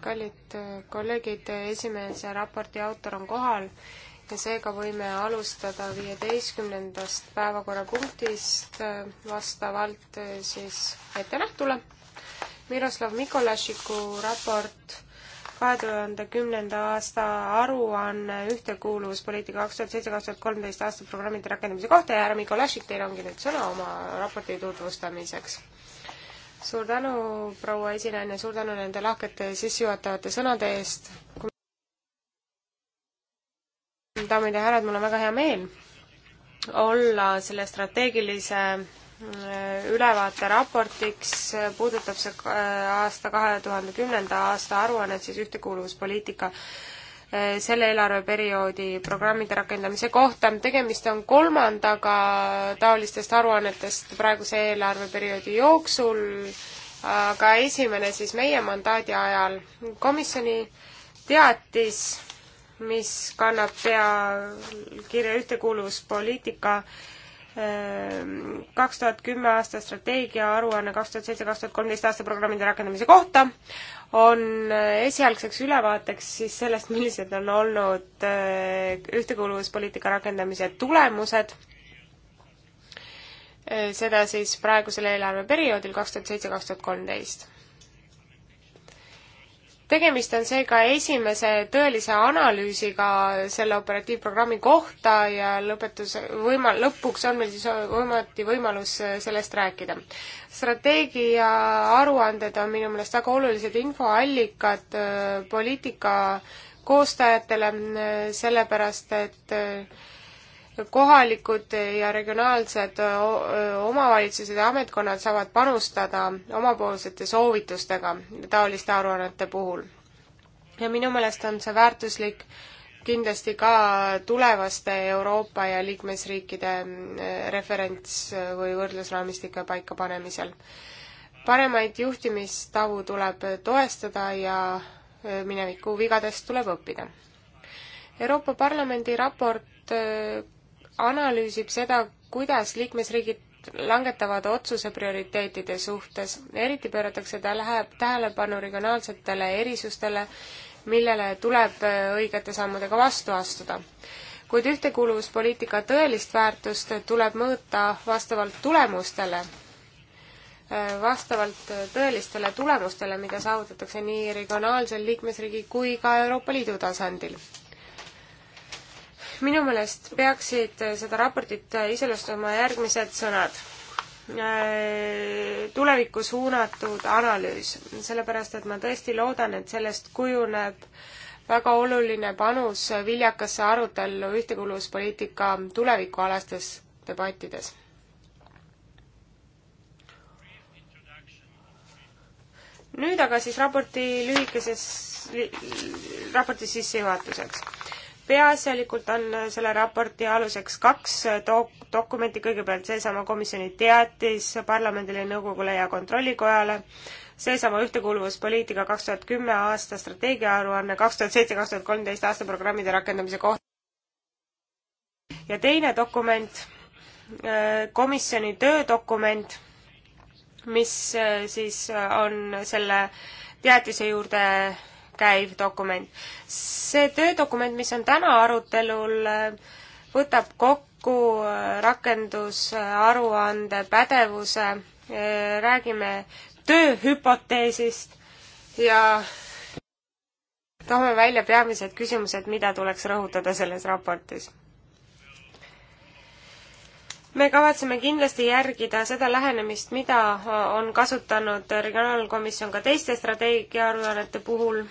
kallid äh, kolleegid, äh, esimese raporti autor on kohal ja seega võime alustada viieteistkümnendast päevakorrapunktist äh, vastavalt siis ettenähtule. Miroslav Mikolašiku raport kahe tuhande kümnenda aasta aruanne ühtekuuluvuspoliitika kaks tuhat seitse, kaks tuhat kolmteist aasta programmide rakendamise kohta ja härra Mikolašik, teil ongi nüüd sõna oma raporti tutvustamiseks suur tänu, proua esinaine, suur tänu nende lahkete sissejuhatavate sõnade eest. daamid ja härrad, mul on väga hea meel olla selle strateegilise äh, ülevaate raportiks puudutab see äh, aasta kahe tuhande kümnenda aasta aruannet siis ühtekuuluvuspoliitika Eh, selle eelarveperioodi programmide rakendamise kohta. tegemist on kolmandaga taolistest aruannetest praeguse eelarveperioodi jooksul, aga esimene siis meie mandaadi ajal. komisjoni teatis, mis kannab pealkirja ühtekuuluvuspoliitika kaks tuhat kümme aasta strateegia aruanne kaks tuhat seitse, kaks tuhat kolmteist aasta programmide rakendamise kohta on esialgseks ülevaateks siis sellest, millised on olnud äh, ühtekuuluvuspoliitika rakendamise tulemused. Äh, seda siis praegusel eelarveperioodil kaks tuhat seitse, kaks tuhat kolmteist tegemist on seega esimese tõelise analüüsiga selle operatiivprogrammi kohta ja lõpetus, võima-, lõpuks on meil siis ometi võimalus sellest rääkida. strateegia aruanded on minu meelest väga olulised infoallikad äh, poliitika koostajatele, äh, sellepärast et äh, kohalikud ja regionaalsed omavalitsused ja ametkonnad saavad panustada omapoolsete soovitustega taoliste aruannete puhul. ja minu meelest on see väärtuslik kindlasti ka tulevaste Euroopa ja liikmesriikide referents- või võrdlusraamistike paikapanemisel. paremaid juhtimistavu tuleb toestada ja mineviku vigadest tuleb õppida. Euroopa Parlamendi raport analüüsib seda, kuidas liikmesriigid langetavad otsuse prioriteetide suhtes. eriti pööratakse tähe, tähelepanu regionaalsetele erisustele, millele tuleb äh, õigete sammudega vastu astuda. kuid ühtekuuluvuspoliitika tõelist väärtust tuleb mõõta vastavalt tulemustele, äh, vastavalt tõelistele tulemustele, mida saavutatakse nii regionaalsel liikmesriigi kui ka Euroopa Liidu tasandil minu meelest peaksid seda raportit iseloomustama järgmised sõnad. Äh, tulevikku suunatud analüüs, sellepärast et ma tõesti loodan, et sellest kujuneb väga oluline panus viljakasse arutellu ühtekuuluvuspoliitika tulevikualastes debattides nüüd aga siis raporti lühikeses, raporti sissejuhatuseks peaasjalikult on selle raporti aluseks kaks dok-, dokumenti, kõigepealt seesama komisjoni teatis parlamendile, nõukogule ja kontrollikojale, seesama ühtekuuluvuspoliitika kaks tuhat kümme aasta strateegiaaruanne kaks tuhat seitse, kaks tuhat kolmteist aasta programmide rakendamise kohta. ja teine dokument, äh, komisjoni töödokument, mis äh, siis äh, on selle teatise juurde käiv dokument. see töödokument, mis on täna arutelul, võtab kokku äh, rakendusaruande pädevuse, äh, räägime tööhüpoteesist ja toome välja peamised küsimused, mida tuleks rõhutada selles raportis me kavatseme kindlasti järgida seda lähenemist, mida on kasutanud Regionaalkomisjon ka teiste strateegiaaruannete puhul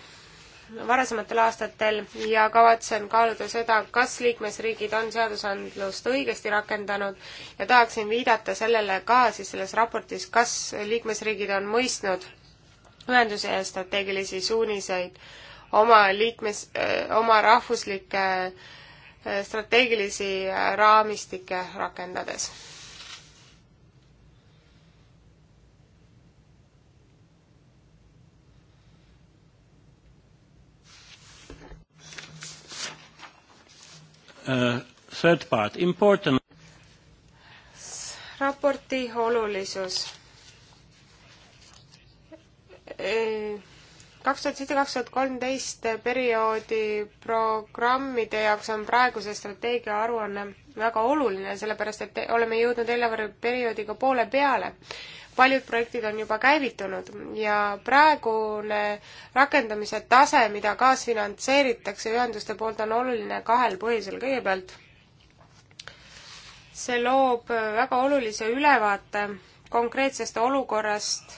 varasematel aastatel ja kavatsen kaaluda seda, kas liikmesriigid on seadusandlust õigesti rakendanud ja tahaksin viidata sellele ka siis selles raportis, kas liikmesriigid on mõistnud ühenduse ja strateegilisi suuniseid oma liikmes, oma rahvuslike strateegilisi äh, raamistikke rakendades uh, third part, important. raporti olulisus. E, kaks tuhat seitse, kaks tuhat kolmteist perioodi programmide jaoks on praeguse strateegia aruanne väga oluline, sellepärast et oleme jõudnud eelarveperioodiga poole peale paljud projektid on juba käivitunud ja praegune rakendamise tase, mida kaasfinantseeritakse ühenduste poolt, on oluline kahel põhjusel. kõigepealt see loob väga olulise ülevaate konkreetsest olukorrast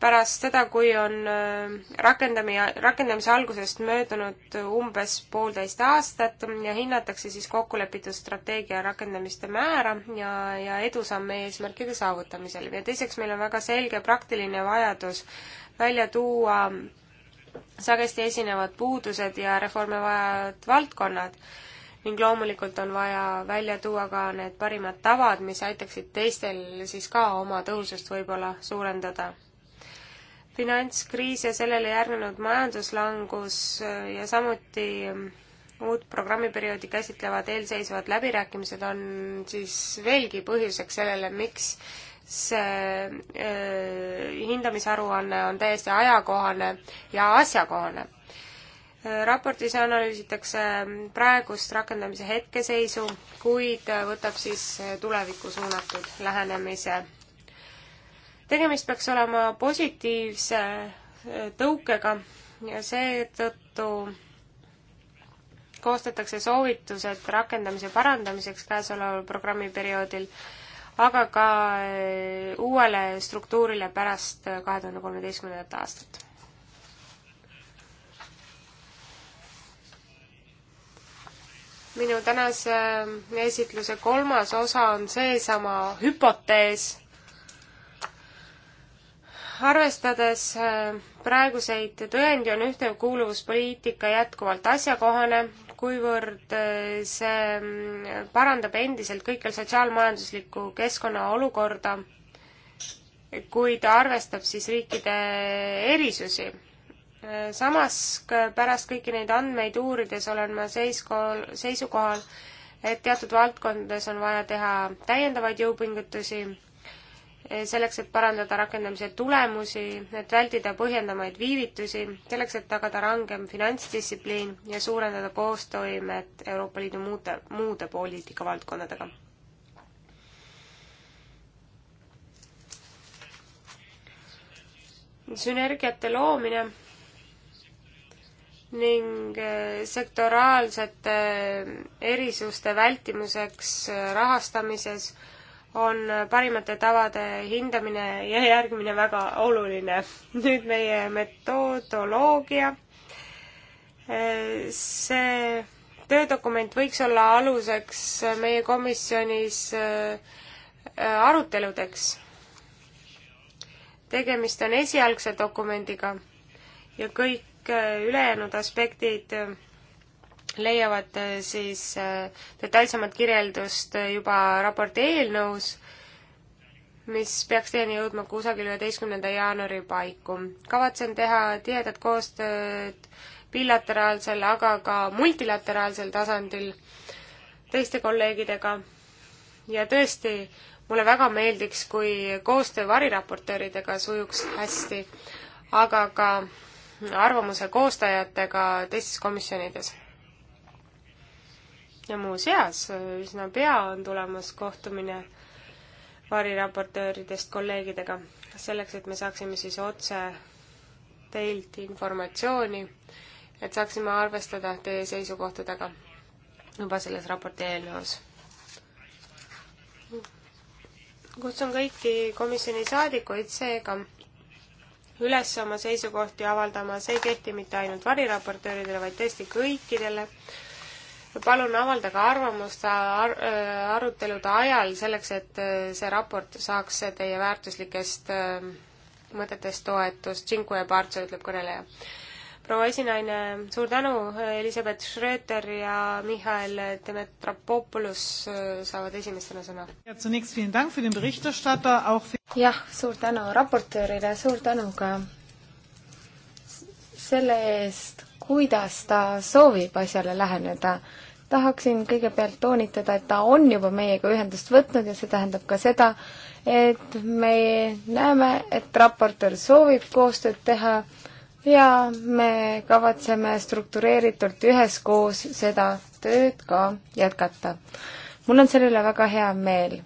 pärast seda, kui on äh, rakendamine, rakendamise algusest möödunud umbes poolteist aastat ja hinnatakse siis kokkulepitud strateegia rakendamiste määra ja, ja edusamme eesmärkide saavutamisel. ja teiseks, meil on väga selge praktiline vajadus välja tuua sagesti esinevad puudused ja reforme vajavad valdkonnad ning loomulikult on vaja välja tuua ka need parimad tavad, mis aitaksid teistel siis ka oma tõhusust võib-olla suurendada finantskriis ja sellele järgnenud majanduslangus äh, ja samuti ähm, uut programmiperioodi käsitlevad eelseisvad läbirääkimised on siis veelgi põhjuseks sellele, miks see äh, hindamisaruanne on täiesti ajakohane ja asjakohane äh, raportis analüüsitakse ähm, praegust rakendamise hetkeseisu, kuid äh, võtab siis tulevikku suunatud lähenemise tegemist peaks olema positiivse äh, tõukega ja seetõttu koostatakse soovitused rakendamise parandamiseks käesoleval programmiperioodil, aga ka äh, uuele struktuurile pärast äh, kahe tuhande kolmeteistkümnendat aastat. minu tänase esitluse kolmas osa on seesama hüpotees arvestades äh, praeguseid tõendi, on ühtekuuluvuspoliitika jätkuvalt asjakohane, kuivõrd äh, see mm, parandab endiselt kõikjal sotsiaalmajanduslikku keskkonna olukorda, kuid arvestab siis riikide erisusi. Äh, samas pärast kõiki neid andmeid uurides olen ma seiskohal, seisukohal, et teatud valdkondades on vaja teha täiendavaid jõupingutusi Eh, selleks, et parandada rakendamise tulemusi, et vältida põhjendamaid viivitusi, selleks, et tagada rangem finantsdistsipliin ja suurendada koostoimet Euroopa Liidu muude, muude poliitikavaldkondadega. sünergiate loomine ning eh, sektoraalsete eh, erisuste vältimiseks rahastamises äh, on parimate tavade hindamine ja järgmine väga oluline. nüüd meie metodoloogia. see töödokument võiks olla aluseks meie komisjonis äh, aruteludeks. tegemist on esialgse dokumendiga ja kõik äh, ülejäänud aspektid äh, leiavad äh, siis äh, detailsemat kirjeldust äh, juba raporti eelnõus, mis peaks teieni jõudma kusagil üheteistkümnenda jaanuari paiku. kavatsen teha tihedat koostööd bilateraalsel, aga ka multilateraalsel tasandil teiste kolleegidega ja tõesti, mulle väga meeldiks, kui koostöö variraportööridega sujuks hästi, aga ka arvamuse koostajatega teistes komisjonides ja muuseas, üsna pea on tulemas kohtumine variraportööridest kolleegidega, selleks et me saaksime siis otse teilt informatsiooni, et saaksime arvestada teie seisukohtadega juba selles raporti eelnõus. kutsun kõiki komisjoni saadikuid seega üles oma seisukohti avaldama, see ei kehti mitte ainult variraportööridele, vaid tõesti kõikidele palun avaldage arvamust ar äh, arutelude ajal selleks, et äh, see raport saaks teie väärtuslikest äh, mõtetest toetust. Cinque Parzo ütleb kõneleja. proua esinaine, suur tänu, Elizabeth Schröter ja Mihhail Demetropopoulos saavad esimestena sõna. jah, suur tänu raportöörile, suur tänu ka selle eest, kuidas ta soovib asjale läheneda. tahaksin kõigepealt toonitada, et ta on juba meiega ühendust võtnud ja see tähendab ka seda, et me näeme, et raportöör soovib koostööd teha ja me kavatseme struktureeritult üheskoos seda tööd ka jätkata. mul on selle üle väga hea meel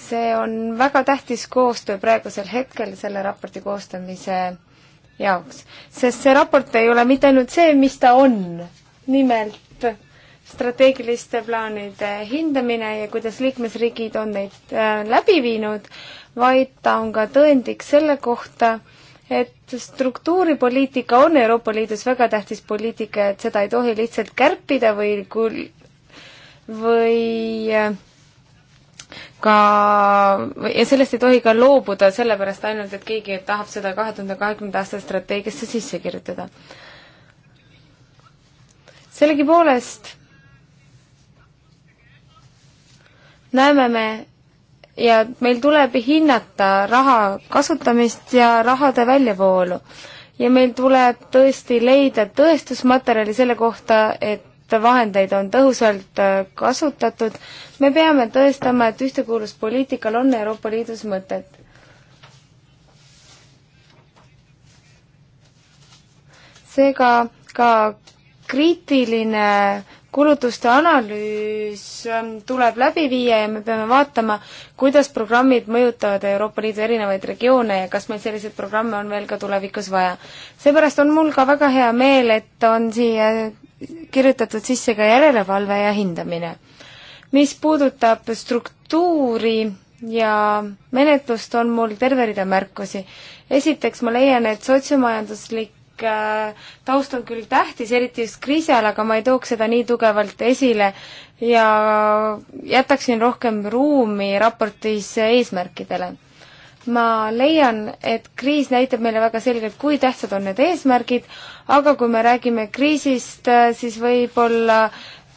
see on väga tähtis koostöö praegusel hetkel selle raporti koostamise jaoks, sest see raport ei ole mitte ainult see, mis ta on, nimelt strateegiliste plaanide hindamine ja kuidas liikmesriigid on neid äh, läbi viinud, vaid ta on ka tõendiks selle kohta, et struktuuripoliitika on Euroopa Liidus väga tähtis poliitika, et seda ei tohi lihtsalt kärpida või kul-, või äh, ka, ja sellest ei tohi ka loobuda sellepärast ainult, et keegi tahab seda kahe tuhande kahekümnenda aasta strateegiasse sisse kirjutada. sellegipoolest näeme me ja meil tuleb hinnata raha kasutamist ja rahade väljavoolu. ja meil tuleb tõesti leida tõestusmaterjali selle kohta, et vahendeid on tõhusalt äh, kasutatud. me peame tõestama, et ühtekuuluvuspoliitikal on Euroopa Liidus mõtet. seega ka kriitiline kulutuste analüüs ähm, tuleb läbi viia ja me peame vaatama, kuidas programmid mõjutavad Euroopa Liidu erinevaid regioone ja kas meil selliseid programme on veel ka tulevikus vaja. seepärast on mul ka väga hea meel, et on siia kirjutatud sisse ka järelevalve ja hindamine. mis puudutab struktuuri ja menetlust, on mul terve rida märkusi. esiteks ma leian, et sotsiomajanduslik äh, taust on küll tähtis, eriti just kriisi ajal, aga ma ei tooks seda nii tugevalt esile ja jätaksin rohkem ruumi raportis eesmärkidele ma leian, et kriis näitab meile väga selgelt, kui tähtsad on need eesmärgid, aga kui me räägime kriisist, äh, siis võib-olla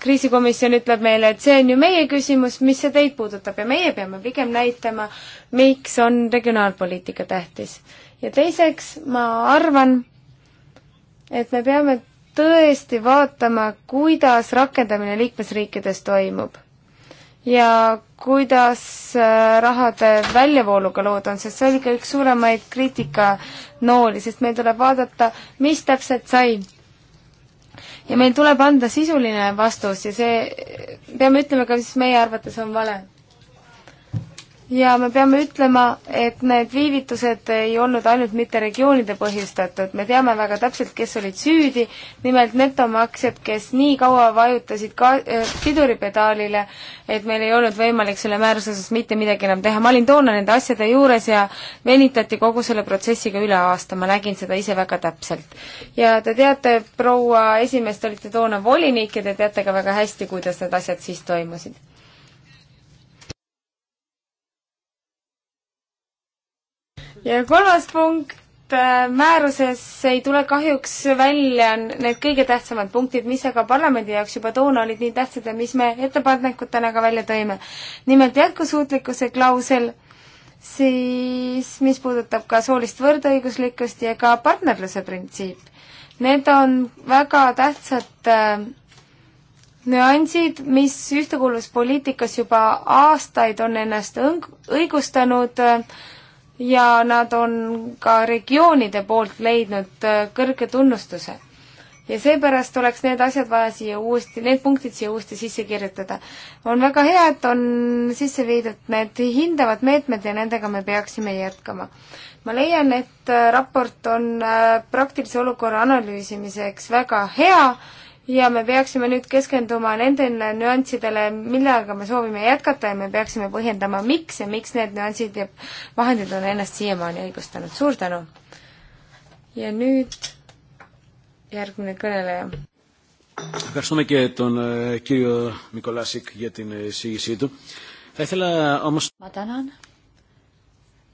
kriisikomisjon ütleb meile, et see on ju meie küsimus, mis see teid puudutab ja meie peame pigem näitama, miks on regionaalpoliitika tähtis. ja teiseks, ma arvan, et me peame tõesti vaatama, kuidas rakendamine liikmesriikides toimub ja kuidas äh, rahade väljavooluga lood on, sest see oli ka üks suuremaid kriitikanooli, sest meil tuleb vaadata, mis täpselt sai. ja meil tuleb anda sisuline vastus ja see, peame ütlema ka, mis meie arvates on vale ja me peame ütlema, et need viivitused ei olnud ainult mitte regioonide põhjustatud, me teame väga täpselt, kes olid süüdi, nimelt netomaksjad, kes nii kaua vajutasid ka- äh,, piduripedaalile, et meil ei olnud võimalik selle määruse osas mitte midagi enam teha, ma olin toona nende asjade juures ja venitati kogu selle protsessiga üle aasta, ma nägin seda ise väga täpselt. ja te teate, proua esimees, te olite toona volinik ja te teate ka väga hästi, kuidas need asjad siis toimusid ja kolmas punkt, äh, määruses ei tule kahjuks välja need kõige tähtsamad punktid, mis aga parlamendi jaoks juba toona olid nii tähtsad ja mis me ettepanekutena ka välja tõime. nimelt jätkusuutlikkuse klausel, siis mis puudutab ka soolist võrdõiguslikkust ja ka partnerluse printsiip. Need on väga tähtsad äh, nüansid, mis ühtekuuluvuspoliitikas juba aastaid on ennast õng-, õigustanud äh, ja nad on ka regioonide poolt leidnud äh, kõrge tunnustuse. ja seepärast oleks need asjad vaja siia uuesti, need punktid siia uuesti sisse kirjutada. on väga hea, et on sisse viidud need hindavad meetmed ja nendega me peaksime jätkama. ma leian, et äh, raport on äh, praktilise olukorra analüüsimiseks väga hea ja me peaksime nüüd keskenduma nendele nüanssidele, millega me soovime jätkata ja me peaksime põhjendama, miks ja miks need nüansid ja vahendid on ennast siiamaani õigustanud. suur tänu! ja nüüd järgmine kõneleja. Ευχαριστούμε και τον ε, κύριο Μικολάσικ για την εισήγησή του. Θα ήθελα όμως... Μα τανάν.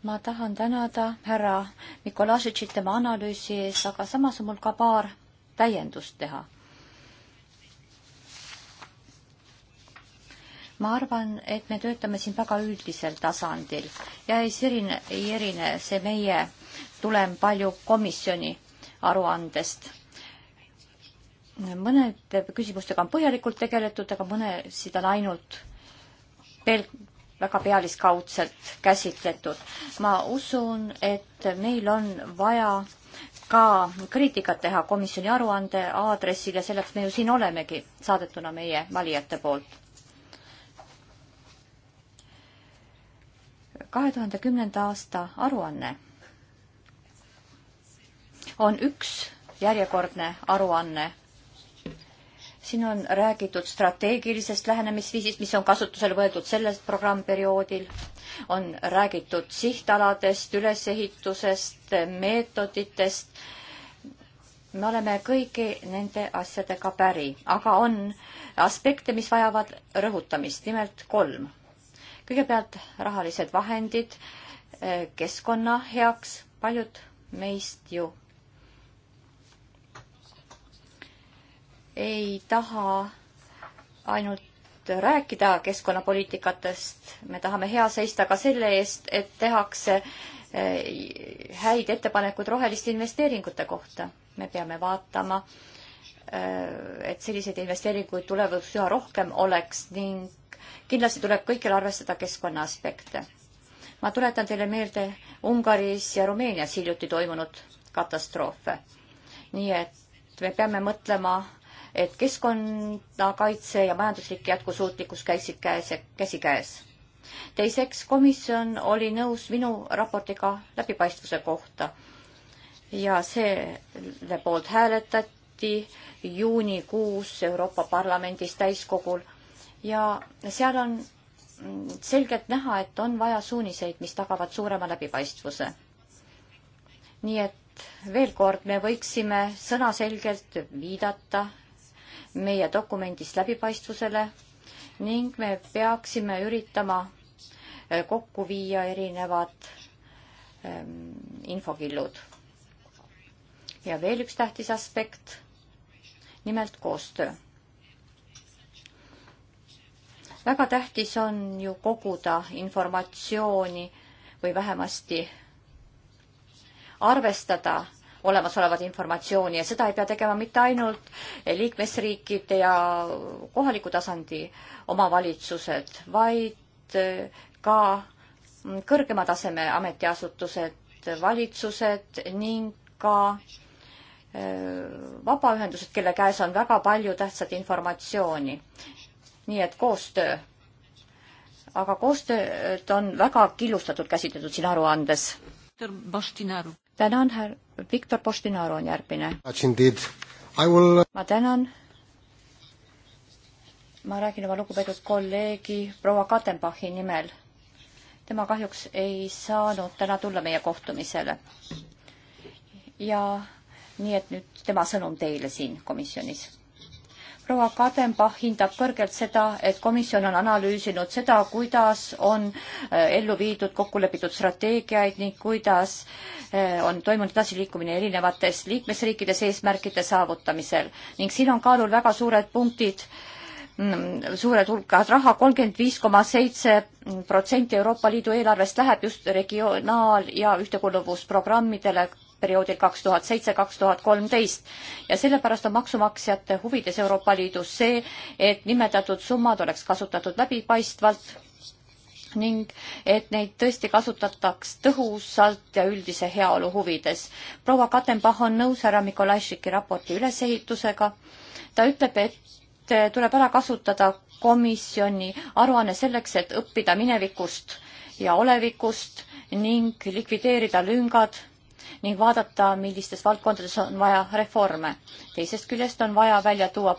Ma tahan tänada härra Mikolasitšit tema analüüsi eest, aga samas on mul ka paar täiendust teha ma arvan, et me töötame siin väga üldisel tasandil ja ei erine, ei erine see meie tulem palju komisjoni aruandest. mõnede küsimustega on põhjalikult tegeletud, aga mõnesid on ainult pel-, väga pealiskaudselt käsitletud. ma usun, et meil on vaja ka kriitikat teha komisjoni aruande aadressil ja selleks me ju siin olemegi, saadetuna meie valijate poolt. kahe tuhande kümnenda aasta aruanne on üks järjekordne aruanne. siin on räägitud strateegilisest lähenemisviisist, mis on kasutusele võetud selles programmperioodil, on räägitud sihtaladest, ülesehitusest, meetoditest. me oleme kõigi nende asjadega päri, aga on aspekte, mis vajavad rõhutamist, nimelt kolm kõigepealt rahalised vahendid eh, keskkonna heaks, paljud meist ju ei taha ainult rääkida keskkonnapoliitikatest, me tahame hea seista ka selle eest, et tehakse eh, häid ettepanekuid roheliste investeeringute kohta. me peame vaatama, eh, et selliseid investeeringuid tulevikus üha rohkem oleks ning kindlasti tuleb kõikjal arvestada keskkonna aspekte. ma tuletan teile meelde Ungaris ja Rumeenias hiljuti toimunud katastroofe. nii et me peame mõtlema, et keskkonnakaitse ja majanduslik jätkusuutlikkus käisid käes ja käsikäes. teiseks, komisjon oli nõus minu raportiga läbipaistvuse kohta ja selle poolt hääletati juunikuus Euroopa Parlamendis täiskogul ja seal on selgelt näha, et on vaja suuniseid, mis tagavad suurema läbipaistvuse. nii et veel kord, me võiksime sõnaselgelt viidata meie dokumendis läbipaistvusele ning me peaksime üritama eh, kokku viia erinevad ähm, infokillud. ja veel üks tähtis aspekt, nimelt koostöö väga tähtis on ju koguda informatsiooni või vähemasti arvestada olemasolevat informatsiooni ja seda ei pea tegema mitte ainult liikmesriikide ja kohaliku tasandi omavalitsused, vaid äh, ka mm, kõrgema taseme ametiasutused, valitsused ning ka äh, vabaühendused, kelle käes on väga palju tähtsat informatsiooni nii et koostöö. aga koostööd on väga killustatult käsitletud siin aruandes. tänan, härra Viktor Postinaru on järgmine. Will... Uh, ma tänan. ma räägin oma lugupeetud kolleegi proua Katenbachi nimel. tema kahjuks ei saanud täna tulla meie kohtumisele. ja nii et nüüd tema sõnum teile siin komisjonis proua Kadenbach hindab kõrgelt seda, et komisjon on analüüsinud seda, kuidas on äh, ellu viidud kokkulepitud strateegiaid ning kuidas äh, on toimunud edasiliikumine erinevates liikmesriikides eesmärkide saavutamisel ning siin on kaalul väga suured punktid mm, suured hulkad raha, kolmkümmend viis koma seitse protsenti Euroopa Liidu eelarvest läheb just regionaal- ja ühtekuuluvusprogrammidele perioodil kaks tuhat seitse, kaks tuhat kolmteist ja sellepärast on maksumaksjate huvides Euroopa Liidus see, et nimetatud summad oleks kasutatud läbipaistvalt ning et neid tõesti kasutataks tõhusalt ja üldise heaolu huvides. proua Katenbach on nõus härra Mikolajšiki raporti ülesehitusega. ta ütleb, et tuleb ära kasutada komisjoni aruanne selleks, et õppida minevikust ja olevikust ning likvideerida lüngad ning vaadata, millistes valdkondades on vaja reforme. teisest küljest on vaja välja tuua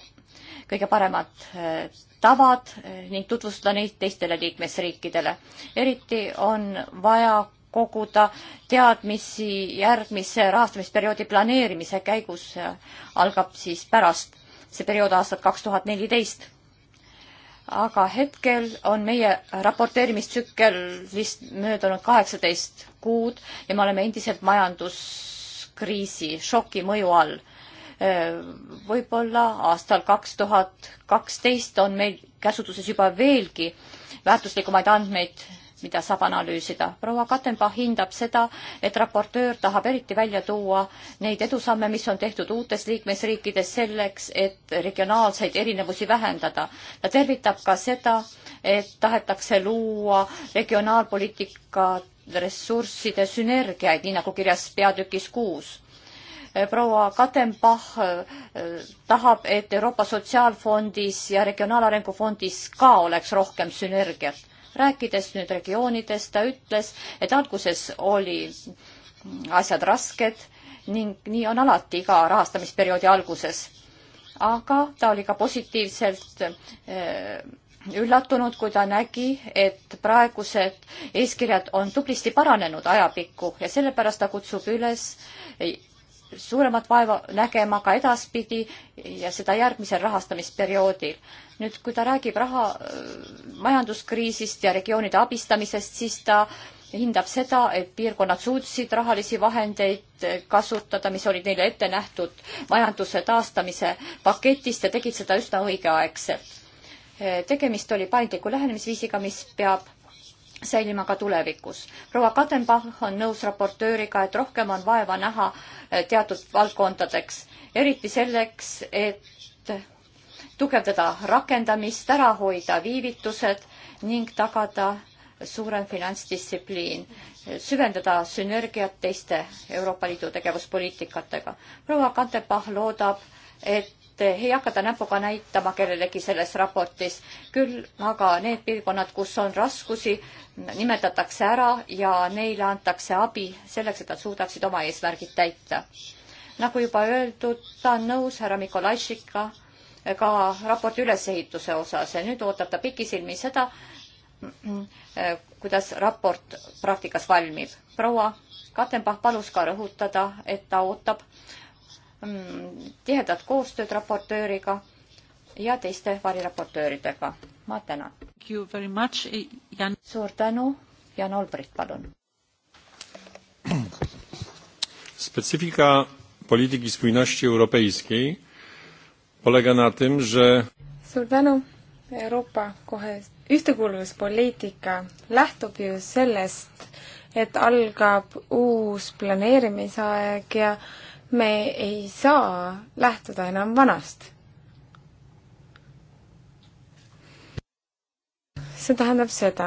kõige paremad eh, tavad eh, ning tutvustada neid teistele liikmesriikidele. eriti on vaja koguda teadmisi järgmise rahastamisperioodi planeerimise käigus, eh, algab siis pärast see periood aastat kaks tuhat neliteist aga hetkel on meie raporteerimistsükkel vist möödunud kaheksateist kuud ja me oleme endiselt majanduskriisi šoki mõju all. võib-olla aastal kaks tuhat kaksteist on meil käsutuses juba veelgi väärtuslikumaid andmeid mida saab analüüsida. proua Katenbach hindab seda, et raportöör tahab eriti välja tuua neid edusamme, mis on tehtud uutes liikmesriikides selleks, et regionaalseid erinevusi vähendada. ta tervitab ka seda, et tahetakse luua regionaalpoliitika ressursside sünergiaid, nii nagu kirjas peatükis kuus proua Katenbach äh, tahab, et Euroopa Sotsiaalfondis ja Regionaalarengu Fondis ka oleks rohkem sünergiat rääkides nüüd regioonidest, ta ütles, et alguses oli asjad rasked ning nii on alati iga rahastamisperioodi alguses. aga ta oli ka positiivselt eh, üllatunud, kui ta nägi, et praegused eeskirjad on tublisti paranenud ajapikku ja sellepärast ta kutsub üles suuremat vaeva nägema ka edaspidi ja seda järgmisel rahastamisperioodil. nüüd, kui ta räägib raha, äh, majanduskriisist ja regioonide abistamisest, siis ta hindab seda, et piirkonnad suutsid rahalisi vahendeid äh, kasutada, mis olid neile ette nähtud majanduse taastamise paketist ja tegid seda üsna õigeaegselt. Äh, tegemist oli paindliku lähenemisviisiga, mis peab säilima ka tulevikus. proua Kadenbach on nõus raportööriga, et rohkem on vaeva näha eh, teatud valdkondadeks, eriti selleks, et tugevdada rakendamist, ära hoida viivitused ning tagada suurem finantsdistsipliin, süvendada sünergiat teiste Euroopa Liidu tegevuspoliitikatega. proua Kadenbach loodab, et ei hakata näpuga näitama kellelegi selles raportis, küll aga need piirkonnad, kus on raskusi, nimetatakse ära ja neile antakse abi selleks, et nad suudaksid oma eesmärgid täita. nagu juba öeldud, ta on nõus härra Mikolajšiga ka raporti ülesehituse osas ja nüüd ootab ta pikisilmi seda, kuidas raport praktikas valmib. proua Katenbach palus ka rõhutada, et ta ootab Mm, tihedat koostööd raportööriga ja teiste variraportööridega. ma tänan. suur tänu, Jan Olbrit, palun. spetsiifika poliitika spójności europejskiej polega na tym, że suur tänu, Euroopa kohe, ühtekuuluvuspoliitika lähtub ju sellest, et algab uus planeerimisaeg ja me ei saa lähtuda enam vanast. see tähendab seda,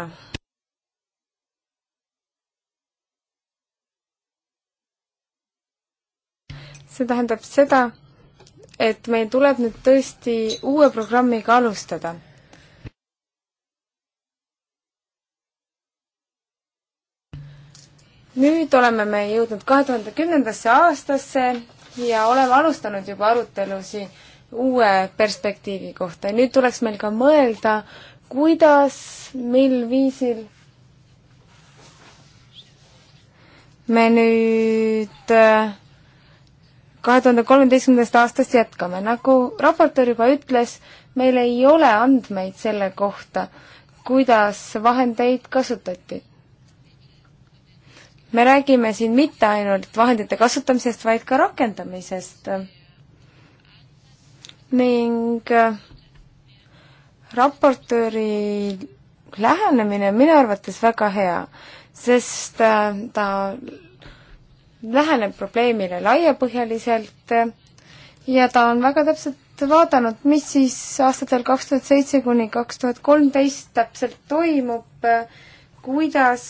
see tähendab seda, et meil tuleb nüüd tõesti uue programmiga alustada nüüd oleme me jõudnud kahe tuhande kümnendasse aastasse ja oleme alustanud juba arutelusi uue perspektiivi kohta ja nüüd tuleks meil ka mõelda, kuidas, mil viisil me nüüd äh, kahe tuhande kolmeteistkümnendast aastast jätkame, nagu raportöör juba ütles, meil ei ole andmeid selle kohta, kuidas vahendeid kasutati me räägime siin mitte ainult vahendite kasutamisest, vaid ka rakendamisest. ning äh, raportööri lähenemine on minu arvates väga hea, sest äh, ta läheneb probleemile laiapõhjaliselt äh, ja ta on väga täpselt vaadanud, mis siis aastatel kaks tuhat seitse kuni kaks tuhat kolmteist täpselt toimub, kuidas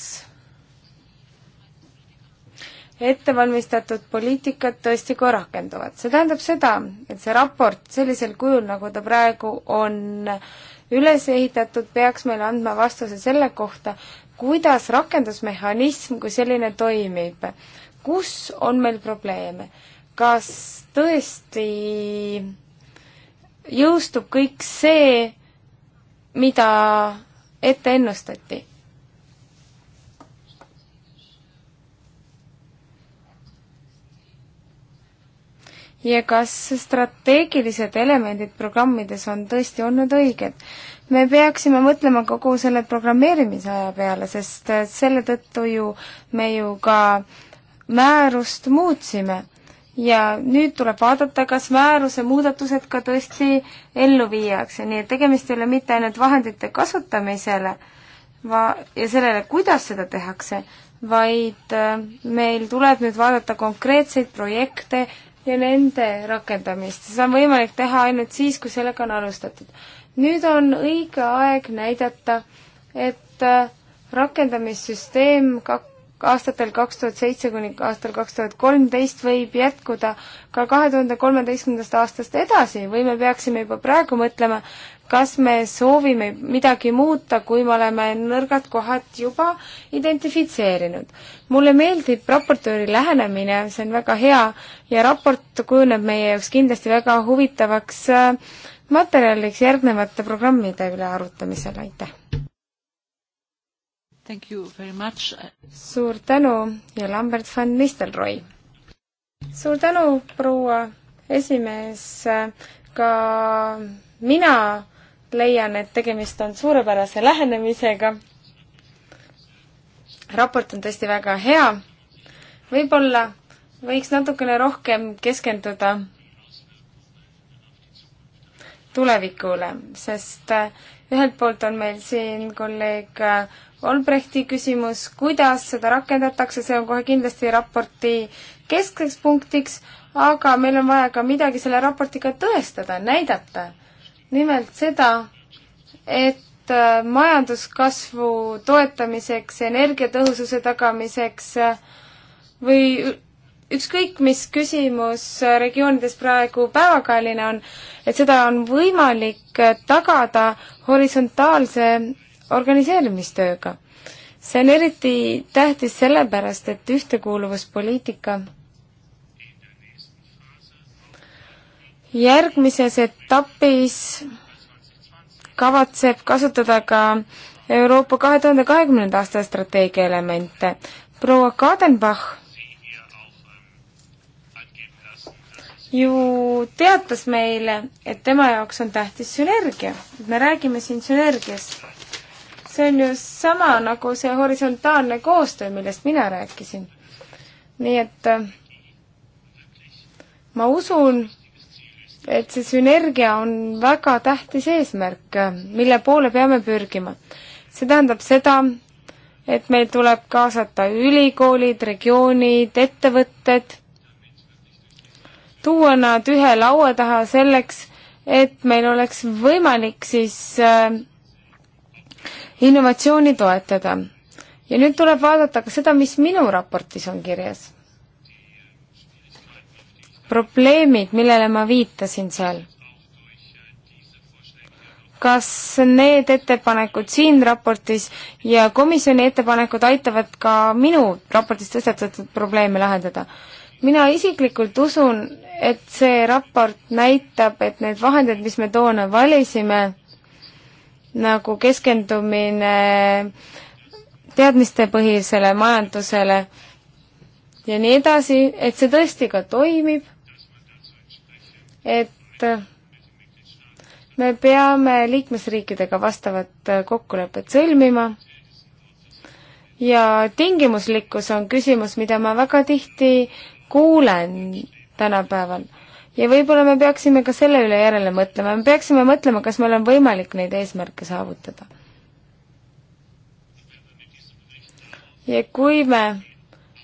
ettevalmistatud poliitikad tõesti ka rakenduvad. see tähendab seda, et see raport sellisel kujul, nagu ta praegu on üles ehitatud, peaks meile andma vastuse selle kohta, kuidas rakendusmehhanism kui selline toimib. kus on meil probleeme? kas tõesti jõustub kõik see, mida ette ennustati? ja kas strateegilised elemendid programmides on tõesti olnud õiged. me peaksime mõtlema kogu selle programmeerimise aja peale, sest äh, selle tõttu ju me ju ka määrust muutsime ja nüüd tuleb vaadata, kas määruse muudatused ka tõesti ellu viiakse, nii et tegemist ei ole mitte ainult vahendite kasutamisele va-, ja sellele, kuidas seda tehakse, vaid äh, meil tuleb nüüd vaadata konkreetseid projekte, ja nende rakendamist. seda on võimalik teha ainult siis, kui sellega on alustatud. nüüd on õige aeg näidata, et äh, rakendamissüsteem kak-, aastatel kaks tuhat seitse kuni aastal kaks tuhat kolmteist võib jätkuda ka kahe tuhande kolmeteistkümnendast aastast edasi või me peaksime juba praegu mõtlema, kas me soovime midagi muuta, kui me oleme nõrgad kohad juba identifitseerinud. mulle meeldib raportööri lähenemine, see on väga hea ja raport kujuneb meie jaoks kindlasti väga huvitavaks äh, materjaliks järgnevate programmide üle arutamisel, aitäh! suur tänu ja Lambert van Nistelrooy. suur tänu, proua esimees, ka mina leian, et tegemist on suurepärase lähenemisega. raport on tõesti väga hea. võib-olla võiks natukene rohkem keskenduda tulevikule, sest eh, ühelt poolt on meil siin kolleeg eh, Olbrechti küsimus, kuidas seda rakendatakse, see on kohe kindlasti raporti keskseks punktiks, aga meil on vaja ka midagi selle raportiga tõestada, näidata. nimelt seda, et äh, majanduskasvu toetamiseks, energiatõhususe tagamiseks äh, või ükskõik, mis küsimus äh, regioonides praegu päevakajaline on, et seda on võimalik tagada horisontaalse organiseerimistööga. see on eriti tähtis sellepärast, et ühtekuuluvuspoliitika järgmises etapis kavatseb kasutada ka Euroopa kahe tuhande kahekümnenda aasta strateegia elemente. proua Kadenbach ju teatas meile, et tema jaoks on tähtis sünergia, et me räägime siin sünergiast see on ju sama nagu see horisontaalne koostöö, millest mina rääkisin. nii et äh, ma usun, et see sünergia on väga tähtis eesmärk, mille poole peame pürgima. see tähendab seda, et meil tuleb kaasata ülikoolid, regioonid, ettevõtted, tuua nad ühe laua taha selleks, et meil oleks võimalik siis äh, innovatsiooni toetada. ja nüüd tuleb vaadata ka seda, mis minu raportis on kirjas. probleemid, millele ma viitasin seal. kas need ettepanekud siin raportis ja komisjoni ettepanekud aitavad ka minu raportis tõstatatud probleeme lahendada? mina isiklikult usun, et see raport näitab, et need vahendid, mis me toona valisime, nagu keskendumine teadmistepõhisele majandusele ja nii edasi, et see tõesti ka toimib, et me peame liikmesriikidega vastavat kokkulepet sõlmima ja tingimuslikkus on küsimus, mida ma väga tihti kuulen tänapäeval ja võib-olla me peaksime ka selle üle järele mõtlema, me peaksime mõtlema, kas meil on võimalik neid eesmärke saavutada. ja kui me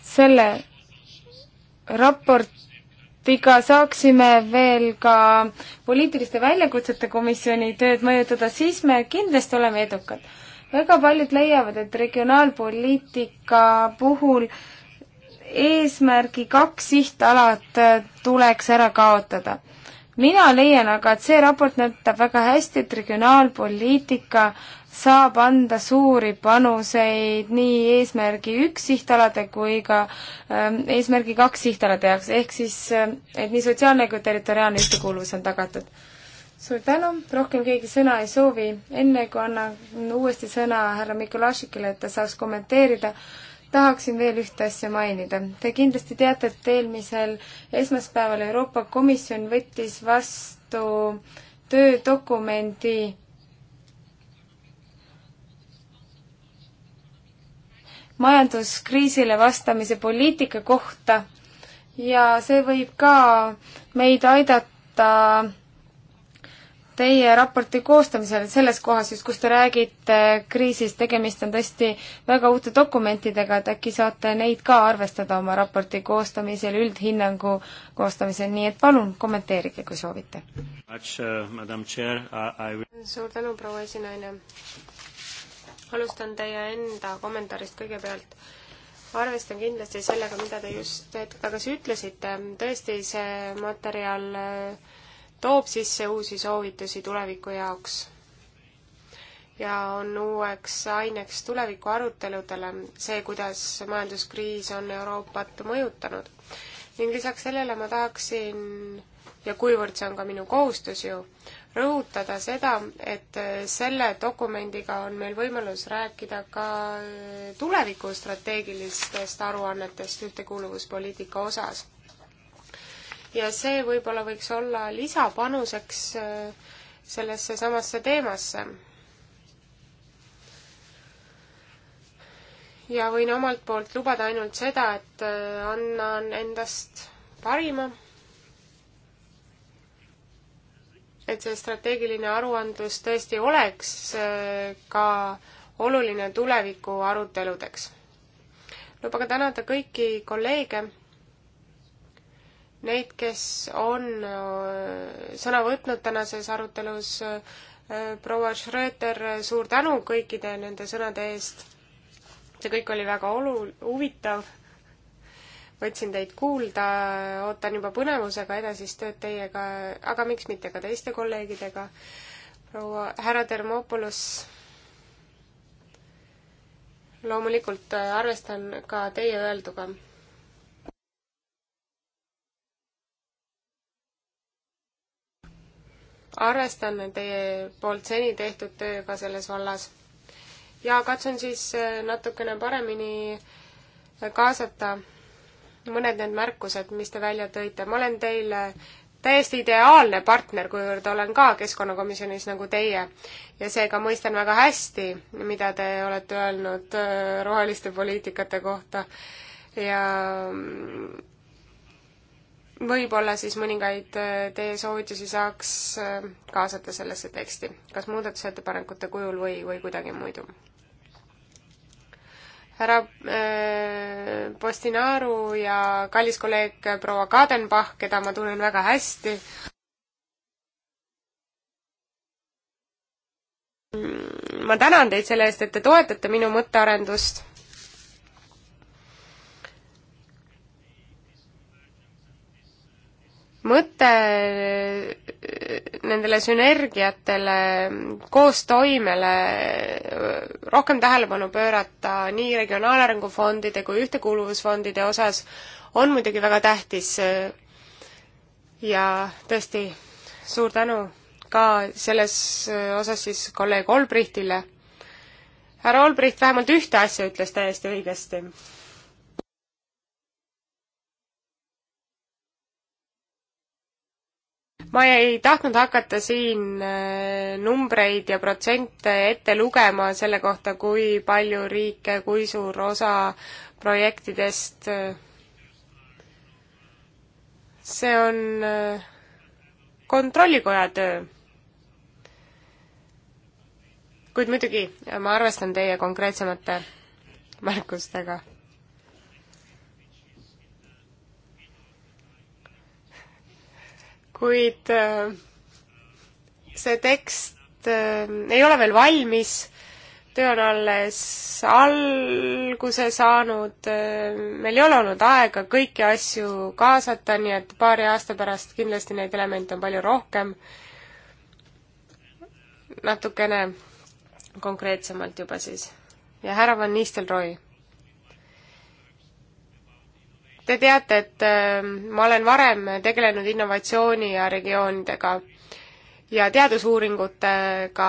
selle raportiga saaksime veel ka poliitiliste väljakutsete komisjoni tööd mõjutada, siis me kindlasti oleme edukad. väga paljud leiavad, et regionaalpoliitika puhul äh, eesmärgi kaks sihtalat äh, tuleks ära kaotada. mina leian aga, et see raport näitab väga hästi, et regionaalpoliitika saab anda suuri panuseid nii eesmärgi üks sihtalade kui ka ähm, eesmärgi kaks sihtalade jaoks, ehk siis ähm, et nii sotsiaalne kui territoriaalne ühtekuuluvus on tagatud. suur tänu, rohkem keegi sõna ei soovi, enne kui annan uuesti sõna härra Mikulašikile, et ta saaks kommenteerida äh, tahaksin veel ühte asja mainida. Te kindlasti teate, et eelmisel esmaspäeval Euroopa Komisjon võttis vastu töödokumendi majanduskriisile vastamise poliitika kohta ja see võib ka meid aidata teie raporti koostamisel selles kohas, just kus te räägite kriisist, tegemist on tõesti väga uute dokumentidega, et äkki saate neid ka arvestada oma raporti koostamisel, üldhinnangu koostamisel, nii et palun kommenteerige, kui soovite. Uh, suur tänu, proua esinaine. alustan teie enda kommentaarist kõigepealt arvestan kindlasti sellega, mida te just hetk tagasi ütlesite, tõesti see materjal äh, toob sisse uusi soovitusi tuleviku jaoks ja on uueks aineks tuleviku aruteludele see, kuidas majanduskriis on Euroopat mõjutanud. ning lisaks sellele ma tahaksin ja kuivõrd see on ka minu kohustus ju, rõhutada seda, et selle dokumendiga on meil võimalus rääkida ka tuleviku strateegilistest aruannetest ühtekuuluvuspoliitika osas ja see võib-olla võiks olla lisapanuseks äh, sellesse samasse teemasse. ja võin omalt poolt lubada ainult seda, et äh, annan endast parima et see strateegiline aruandlus tõesti oleks äh, ka oluline tuleviku aruteludeks. lubage tänada kõiki kolleege neid, kes on äh, sõna võtnud tänases arutelus. Äh, proua Schröter, suur tänu kõikide nende sõnade eest. see kõik oli väga olu-, huvitav. võtsin teid kuulda, ootan juba põnevusega edasist tööd teiega, aga miks mitte ka teiste kolleegidega. proua härra Termopolos loomulikult äh, arvestan ka teie öelduga arvestan teie poolt seni tehtud tööga selles vallas ja katsun siis äh, natukene paremini äh, kaasata mõned need märkused, mis te välja tõite. ma olen teile täiesti ideaalne partner, kuivõrd olen ka Keskkonnakomisjonis nagu teie ja seega mõistan väga hästi, mida te olete öelnud äh, roheliste poliitikate kohta ja mm, võib-olla siis mõningaid äh, teie soovitusi saaks äh, kaasata sellesse teksti, kas muudatusettepanekute kujul või, või kuidagi muidu. härra äh, Postinaru ja kallis kolleeg proua Kadenbach, keda ma tunnen väga hästi, mm, ma tänan teid selle eest, et te toetate minu mõttearendust mõte nendele sünergiatele, koostoimele rohkem tähelepanu pöörata nii regionaalarengu fondide kui ühtekuuluvusfondide osas on muidugi väga tähtis. ja tõesti, suur tänu ka selles osas siis kolleeg Olbrichtile. härra Olbricht vähemalt ühte asja ütles täiesti õigesti ma ei tahtnud hakata siin äh, numbreid ja protsente ette lugema selle kohta, kui palju riike, kui suur osa projektidest äh, see on äh, kontrollikoja töö. kuid muidugi, ma arvestan teie konkreetsemate märkustega kuid äh, see tekst äh, ei ole veel valmis, töö on alles alguse saanud, äh, meil ei ole olnud aega kõiki asju kaasata, nii et paari aasta pärast kindlasti neid elemente on palju rohkem, natukene konkreetsemalt juba siis. ja härra Van Nistelrooy Te teate, et ähm, ma olen varem tegelenud innovatsiooni ja regioonidega ja teadusuuringutega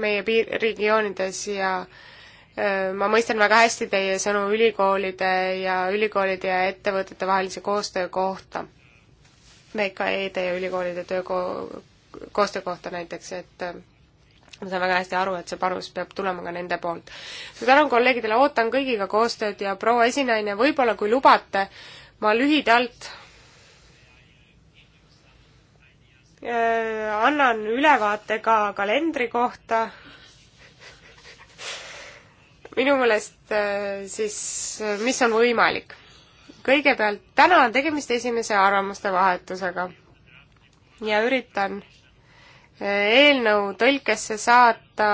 meie piir-, regioonides ja äh, ma mõistan väga hästi teie sõnu ülikoolide ja ülikoolide ja ettevõtete vahelise koostöö kohta. VKE-de ja ülikoolide töö ko-, koostöö kohta näiteks, et ähm, ma saan väga hästi aru, et see panus peab tulema ka nende poolt. suur tänu kolleegidele, ootan kõigiga koostööd ja proua esinaine, võib-olla kui lubate, ma lühidalt äh, annan ülevaate ka kalendri kohta. minu meelest äh, siis, mis on võimalik. kõigepealt täna on tegemist esimese arvamuste vahetusega ja üritan eelnõu tõlkesse saata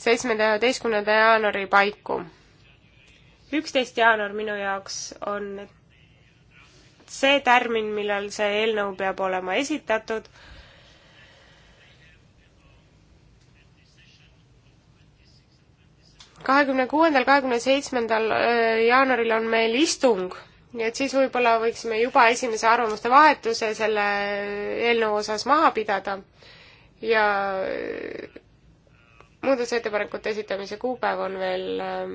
seitsmenda ja üheteistkümnenda jaanuari paiku. üksteist jaanuar minu jaoks on see tärmin, millal see eelnõu peab olema esitatud. kahekümne kuuendal, kahekümne seitsmendal äh, jaanuaril on meil istung nii et siis võib-olla võiksime juba esimese arvamuste vahetuse selle eelnõu osas maha pidada ja äh, muudatusettepanekute esitamise kuupäev on veel ähm,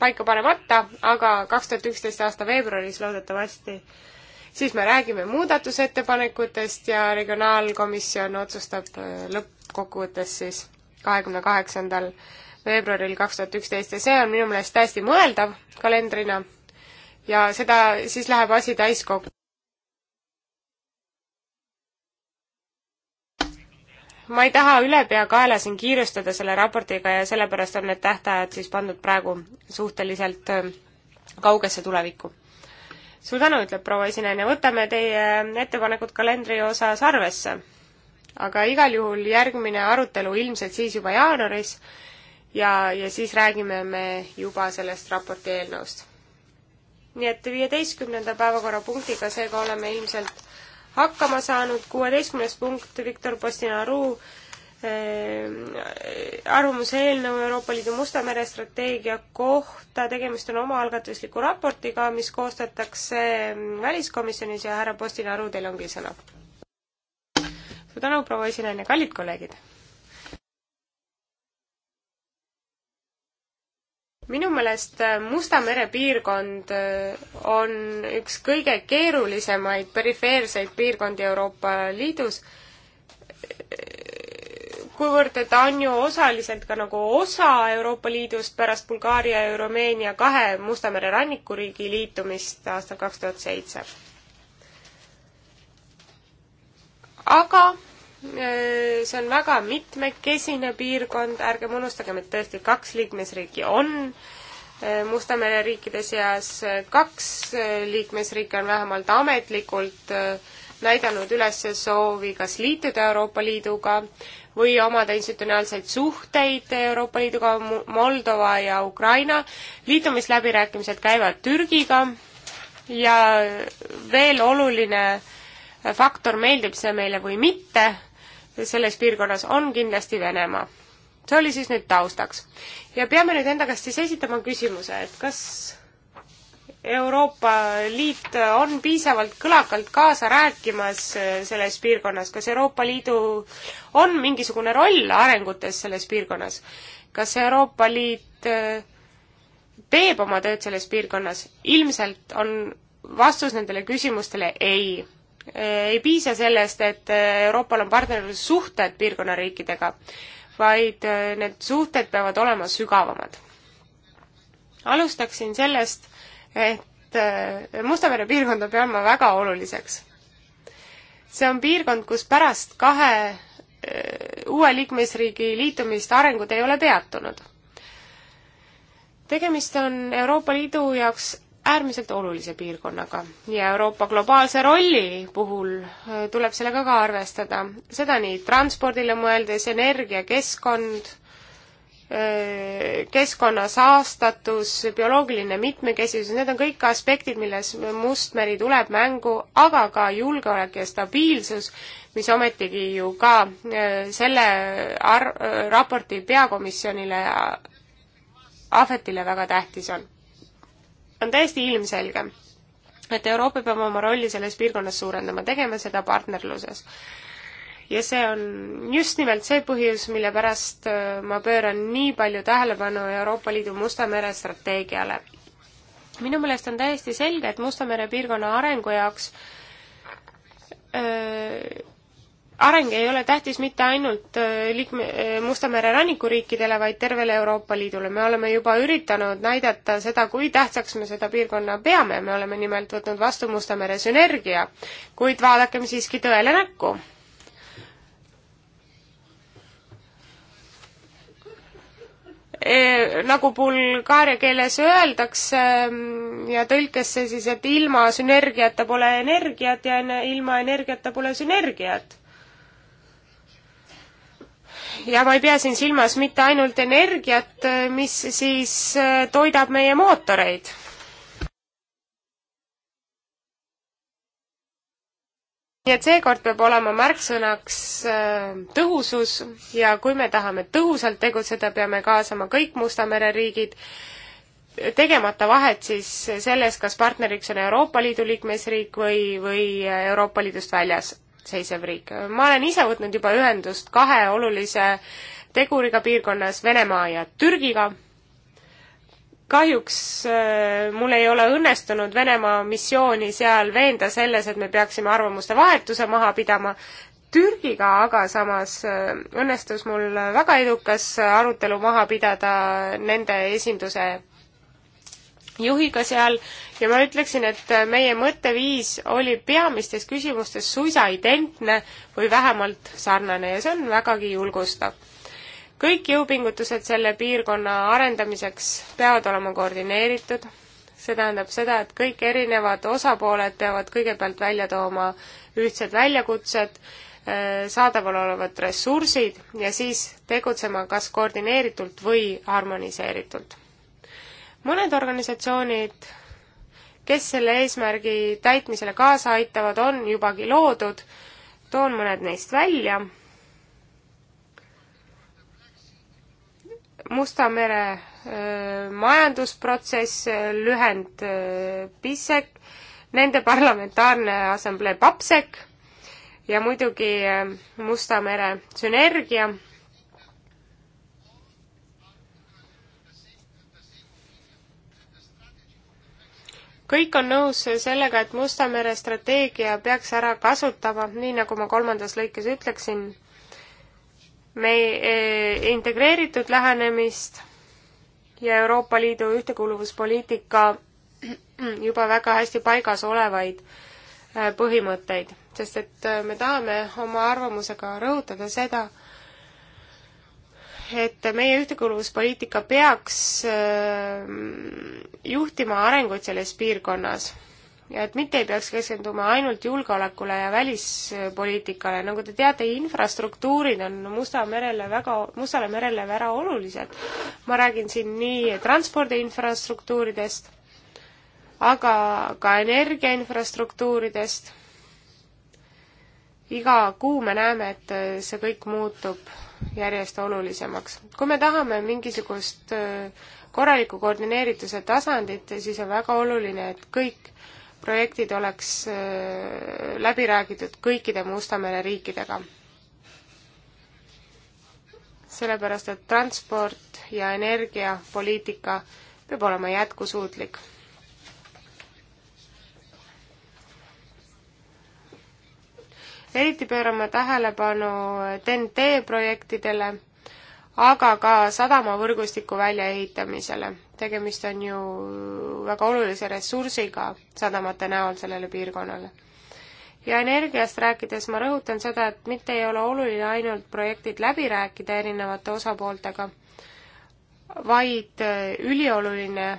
paika panemata, aga kaks tuhat üksteist aasta veebruaris loodetavasti siis me räägime muudatusettepanekutest ja Regionaalkomisjon otsustab äh, lõppkokkuvõttes siis kahekümne kaheksandal veebruaril kaks tuhat üksteist ja see on minu meelest täiesti mõeldav kalendrina ja seda, siis läheb asi täiskokku. ma ei taha ülepeakaela siin kiirustada selle raportiga ja sellepärast on need tähtajad siis pandud praegu suhteliselt kaugesse tulevikku. suur tänu, ütleb proua esinaine, võtame teie ettepanekud kalendri osas arvesse. aga igal juhul järgmine arutelu ilmselt siis juba jaanuaris ja, ja siis räägime me juba sellest raporti eelnõust. nii et viieteistkümnenda päevakorrapunktiga seega oleme ilmselt hakkama saanud, kuueteistkümnes punkt Viktor Postinaru eh, arvamuse eelnõu Euroopa Liidu Musta mere strateegia kohta, tegemist on omaalgatusliku raportiga, mis koostatakse mm, väliskomisjonis ja härra Postinaru, teil ongi sõna. suur tänu, proua esinaine, kallid kolleegid! minu meelest äh, Musta mere piirkond äh, on üks kõige keerulisemaid perifeerseid piirkondi Euroopa Liidus, äh, kuivõrd ta on ju osaliselt ka nagu osa Euroopa Liidust pärast Bulgaaria ja Rumeenia kahe Musta mere rannikuriigi liitumist aastal kaks tuhat seitse. aga Äh, see on väga mitmekesine piirkond, ärgem unustagem, et tõesti kaks liikmesriiki on äh, Musta mere riikide seas, äh, kaks liikmesriiki on vähemalt ametlikult näidanud üles soovi kas liituda Euroopa Liiduga või omada institutsionaalseid suhteid Euroopa Liiduga, Moldova ja Ukraina. liitumisläbirääkimised käivad Türgiga ja veel oluline faktor, meeldib see meile või mitte selles piirkonnas on kindlasti Venemaa. see oli siis nüüd taustaks. ja peame nüüd enda käest siis esitama küsimuse, et kas Euroopa Liit on piisavalt kõlakalt kaasa rääkimas äh, selles piirkonnas, kas Euroopa Liidu on mingisugune roll arengutes selles piirkonnas? kas Euroopa Liit äh, teeb oma tööd selles piirkonnas? ilmselt on vastus nendele küsimustele ei ei piisa sellest, et äh, Euroopal on partnerlussuhted piirkonna riikidega, vaid äh, need suhted peavad olema sügavamad. alustaksin sellest, et äh, Mustamere piirkonda pean ma väga oluliseks. see on piirkond, kus pärast kahe uue liikmesriigi liitumist arengud ei ole peatunud. tegemist on Euroopa Liidu jaoks äärmiselt olulise piirkonnaga ja Euroopa globaalse rolli puhul äh, tuleb sellega ka arvestada, seda nii transpordile mõeldes, energia, keskkond, äh, keskkonna saastatus, bioloogiline mitmekesisus, need on kõik aspektid, milles Mustmeri tuleb mängu, aga ka julgeolek ja stabiilsus, mis ometigi ju ka äh, selle ar-, raporti peakomisjonile, Ahvetile väga tähtis on on täiesti ilmselge, et Euroopa peab oma rolli selles piirkonnas suurendama, tegema seda partnerluses. ja see on just nimelt see põhjus, mille pärast äh, ma pööran nii palju tähelepanu Euroopa Liidu Musta mere strateegiale. minu meelest on täiesti selge, et Musta mere piirkonna arengu jaoks öö, äh, areng ei ole tähtis mitte ainult äh, liikme, äh, Musta mere rannikuriikidele, vaid tervele Euroopa Liidule. me oleme juba üritanud näidata seda, kui tähtsaks me seda piirkonna peame, me oleme nimelt võtnud vastu Musta mere sünergia, kuid vaadakem siiski tõele näkku. E, nagu bulgaaria keeles öeldakse mm, ja tõlkes see siis, et ilma sünergiata pole energiat ja ilma energiata pole sünergiat ja ma ei pea siin silmas mitte ainult energiat, mis siis äh, toidab meie mootoreid. nii et seekord peab olema märksõnaks äh, tõhusus ja kui me tahame tõhusalt tegutseda, peame kaasama kõik Musta mere riigid, tegemata vahet siis selles, kas partneriks on Euroopa Liidu liikmesriik või, või Euroopa Liidust väljas seisev riik. ma olen ise võtnud juba ühendust kahe olulise teguriga piirkonnas, Venemaa ja Türgiga. kahjuks äh, mul ei ole õnnestunud Venemaa missiooni seal veenda selles, et me peaksime arvamuste vahetuse maha pidama. Türgiga aga samas äh, õnnestus mul väga edukas arutelu maha pidada nende esinduse juhiga seal ja ma ütleksin, et äh, meie mõtteviis oli peamistes küsimustes suisa identne või vähemalt sarnane ja see on vägagi julgustav. kõik jõupingutused selle piirkonna arendamiseks peavad olema koordineeritud, see tähendab seda, et kõik erinevad osapooled peavad kõigepealt välja tooma ühtsed väljakutsed, äh, saadaval olevad ressursid ja siis tegutsema kas koordineeritult või harmoniseeritult. mõned organisatsioonid kes selle eesmärgi täitmisele kaasa aitavad, on jubagi loodud. toon mõned neist välja. Musta mere öö, majandusprotsess, lühend öö, PISEC, nende parlamentaarne assamblee PAPSEC ja muidugi öö, Musta mere sünergia kõik on nõus sellega, et Musta mere strateegia peaks ära kasutama, nii nagu ma kolmandas lõikes ütleksin, me e, integreeritud lähenemist ja Euroopa Liidu ühtekuuluvuspoliitika juba väga hästi paigas olevaid e, põhimõtteid, sest et e, me tahame oma arvamusega rõhutada seda, et meie ühtekuuluvuspoliitika peaks juhtima arenguid selles piirkonnas ja et mitte ei peaks keskenduma ainult julgeolekule ja välispoliitikale, nagu te teate, infrastruktuurid on Musta merele väga, Mustale merele väga olulised. ma räägin siin nii transpordi infrastruktuuridest, aga ka energia infrastruktuuridest. iga kuu me näeme, et see kõik muutub järjest olulisemaks. kui me tahame mingisugust äh, korralikku koordineerituse tasandit, siis on väga oluline, et kõik projektid oleks äh, läbi räägitud kõikide Musta mere riikidega. sellepärast, et transport ja energiapoliitika peab olema jätkusuutlik. eriti pöörame tähelepanu TNT projektidele aga ka sadamavõrgustiku väljaehitamisele. tegemist on ju väga olulise ressursiga sadamate näol sellele piirkonnale. ja energiast rääkides ma rõhutan seda, et mitte ei ole oluline ainult projektid läbi rääkida erinevate osapooltega, vaid äh, ülioluline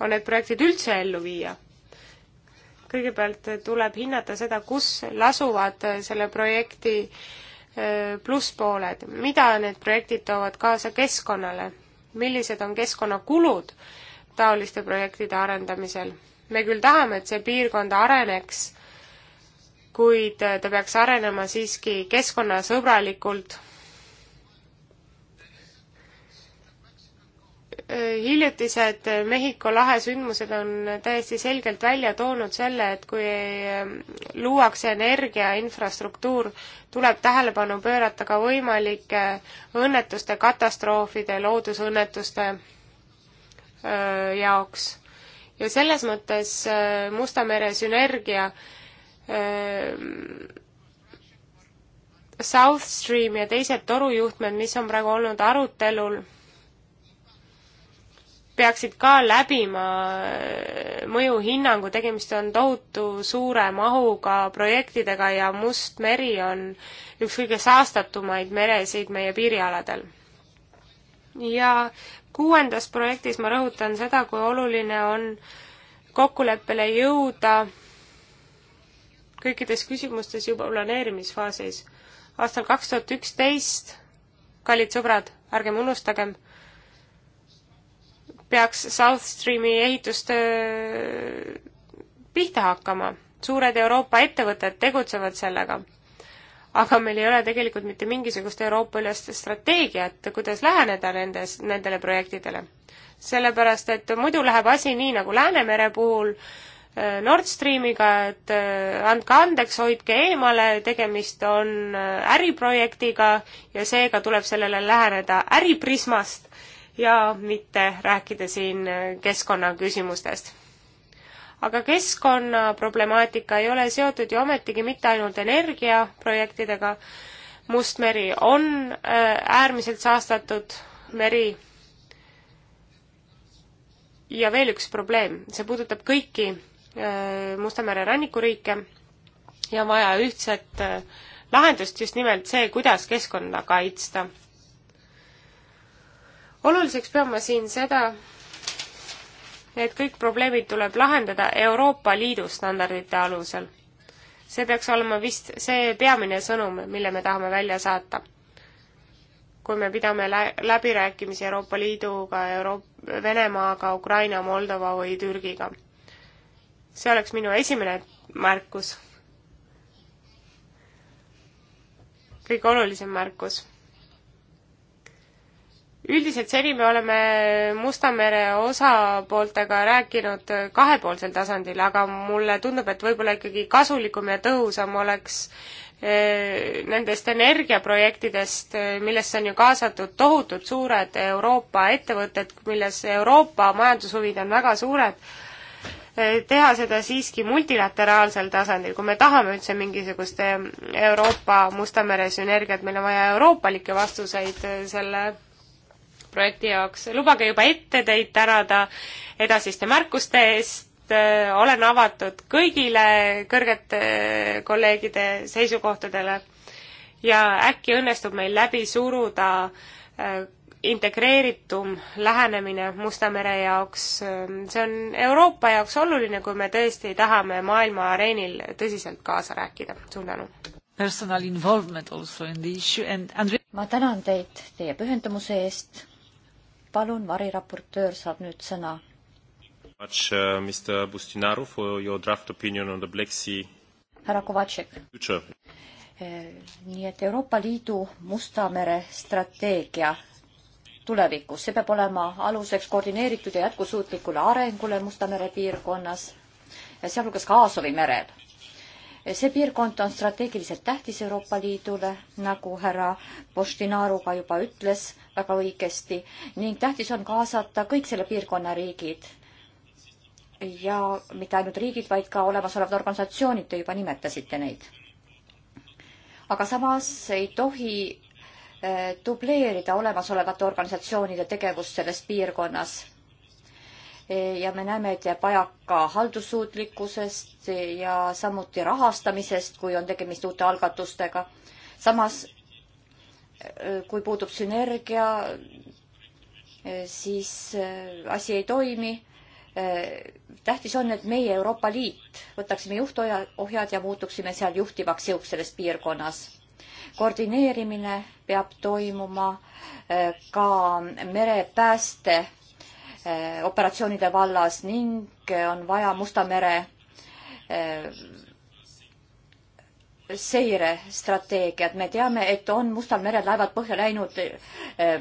on need projektid üldse ellu viia. kõigepealt tuleb hinnata seda, kus lasuvad äh, selle projekti äh, plusspooled, mida need projektid toovad kaasa keskkonnale, millised on keskkonnakulud taoliste projektide arendamisel. me küll tahame, et see piirkond areneks, kuid ta peaks arenema siiski keskkonnasõbralikult hiljutised Mehhiko lahe sündmused on täiesti selgelt välja toonud selle, et kui ähm, luuakse energiainfrastruktuur, tuleb tähelepanu pöörata ka võimalike äh, õnnetuste, katastroofide, loodusõnnetuste äh, jaoks. ja selles mõttes äh, Musta mere sünergia ähm, South Stream ja teised torujuhtmed, mis on praegu olnud arutelul peaksid ka läbima mõjuhinnangu, tegemist on tohutu suure mahuga projektidega ja Must meri on üks kõige saastatumaid meresid meie piirialadel. ja kuuendas projektis ma rõhutan seda, kui oluline on kokkuleppele jõuda kõikides küsimustes juba planeerimisfaasis. aastal kaks tuhat üksteist, kallid sõbrad, ärgem unustagem, peaks South Streami ehitustöö äh, pihta hakkama. suured Euroopa ettevõtted tegutsevad sellega. aga meil ei ole tegelikult mitte mingisugust Euroopa-ülest strateegiat, kuidas läheneda nendes, nendele projektidele. sellepärast, et muidu läheb asi nii, nagu Läänemere puhul, äh, Nord Streamiga, et äh, andke andeks, hoidke eemale, tegemist on äriprojektiga ja seega tuleb sellele läheneda äriprismast ja mitte rääkida siin keskkonnaküsimustest. aga keskkonnaproblemaatika ei ole seotud ju ometigi mitte ainult energiaprojektidega, Mustmeri on äh, äärmiselt saastatud meri. ja veel üks probleem, see puudutab kõiki äh, Musta mere rannikuriike ja on vaja ühtset äh, lahendust just nimelt see, kuidas keskkonda kaitsta oluliseks pean ma siin seda, et kõik probleemid tuleb lahendada Euroopa Liidu standardite alusel. see peaks olema vist see peamine sõnum, mille me tahame välja saata. kui me pidame lä-, läbirääkimisi Euroopa Liiduga, Euro-, Venemaaga, Ukraina, Moldova või Türgiga. see oleks minu esimene märkus. kõige olulisem märkus üldiselt seni me oleme Musta mere osapooltega rääkinud kahepoolsel tasandil, aga mulle tundub, et võib-olla ikkagi kasulikum ja tõhusam oleks eh, nendest energiaprojektidest, eh, millesse on ju kaasatud tohutult suured Euroopa ettevõtted, milles Euroopa majandushuvid on väga suured, eh, teha seda siiski multilateraalsel tasandil, kui me tahame üldse mingisugust Euroopa Musta mere sünergiat, meil on vaja euroopalikke vastuseid selle projekti jaoks. lubage juba ette teid tänada edasiste märkuste eest, olen avatud kõigile kõrgete kolleegide seisukohtadele ja äkki õnnestub meil läbi suruda äh, integreeritum lähenemine Musta mere jaoks, see on Euroopa jaoks oluline, kui me tõesti tahame maailma areenil tõsiselt kaasa rääkida. suur tänu! personal involvement also in the issue and Andre- ma tänan teid teie pühendumuse eest palun, variraportöör saab nüüd sõna. Much, uh, Mr. Bustinaru for your draft opinion on the Black Sea. härra Kovatšek. Eh, nii et Euroopa Liidu Musta mere strateegia tulevikus, see peab olema aluseks koordineeritud ja jätkusuutlikule arengule Musta mere piirkonnas, sealhulgas ka Aasovi merel see piirkond on strateegiliselt tähtis Euroopa Liidule, nagu härra Postinaru ka juba ütles väga õigesti ning tähtis on kaasata kõik selle piirkonna riigid. ja mitte ainult riigid, vaid ka olemasolevad organisatsioonid, te juba nimetasite neid. aga samas ei tohi eh, dubleerida olemasolevate organisatsioonide tegevust selles piirkonnas ja me näeme, et jääb vajaka haldussuutlikkusest ja samuti rahastamisest, kui on tegemist uute algatustega. samas äh, kui puudub sünergia, äh, siis äh, asi ei toimi. tähtis on, et meie Euroopa Liit võtaksime juhtohjad ja muutuksime seal juhtivaks jõuks selles piirkonnas koordineerimine peab toimuma ka merepääste Eh, operatsioonide vallas ning on vaja Musta mere eh, seirestrateegiat. me teame, et on Mustal merel laevad põhja läinud eh,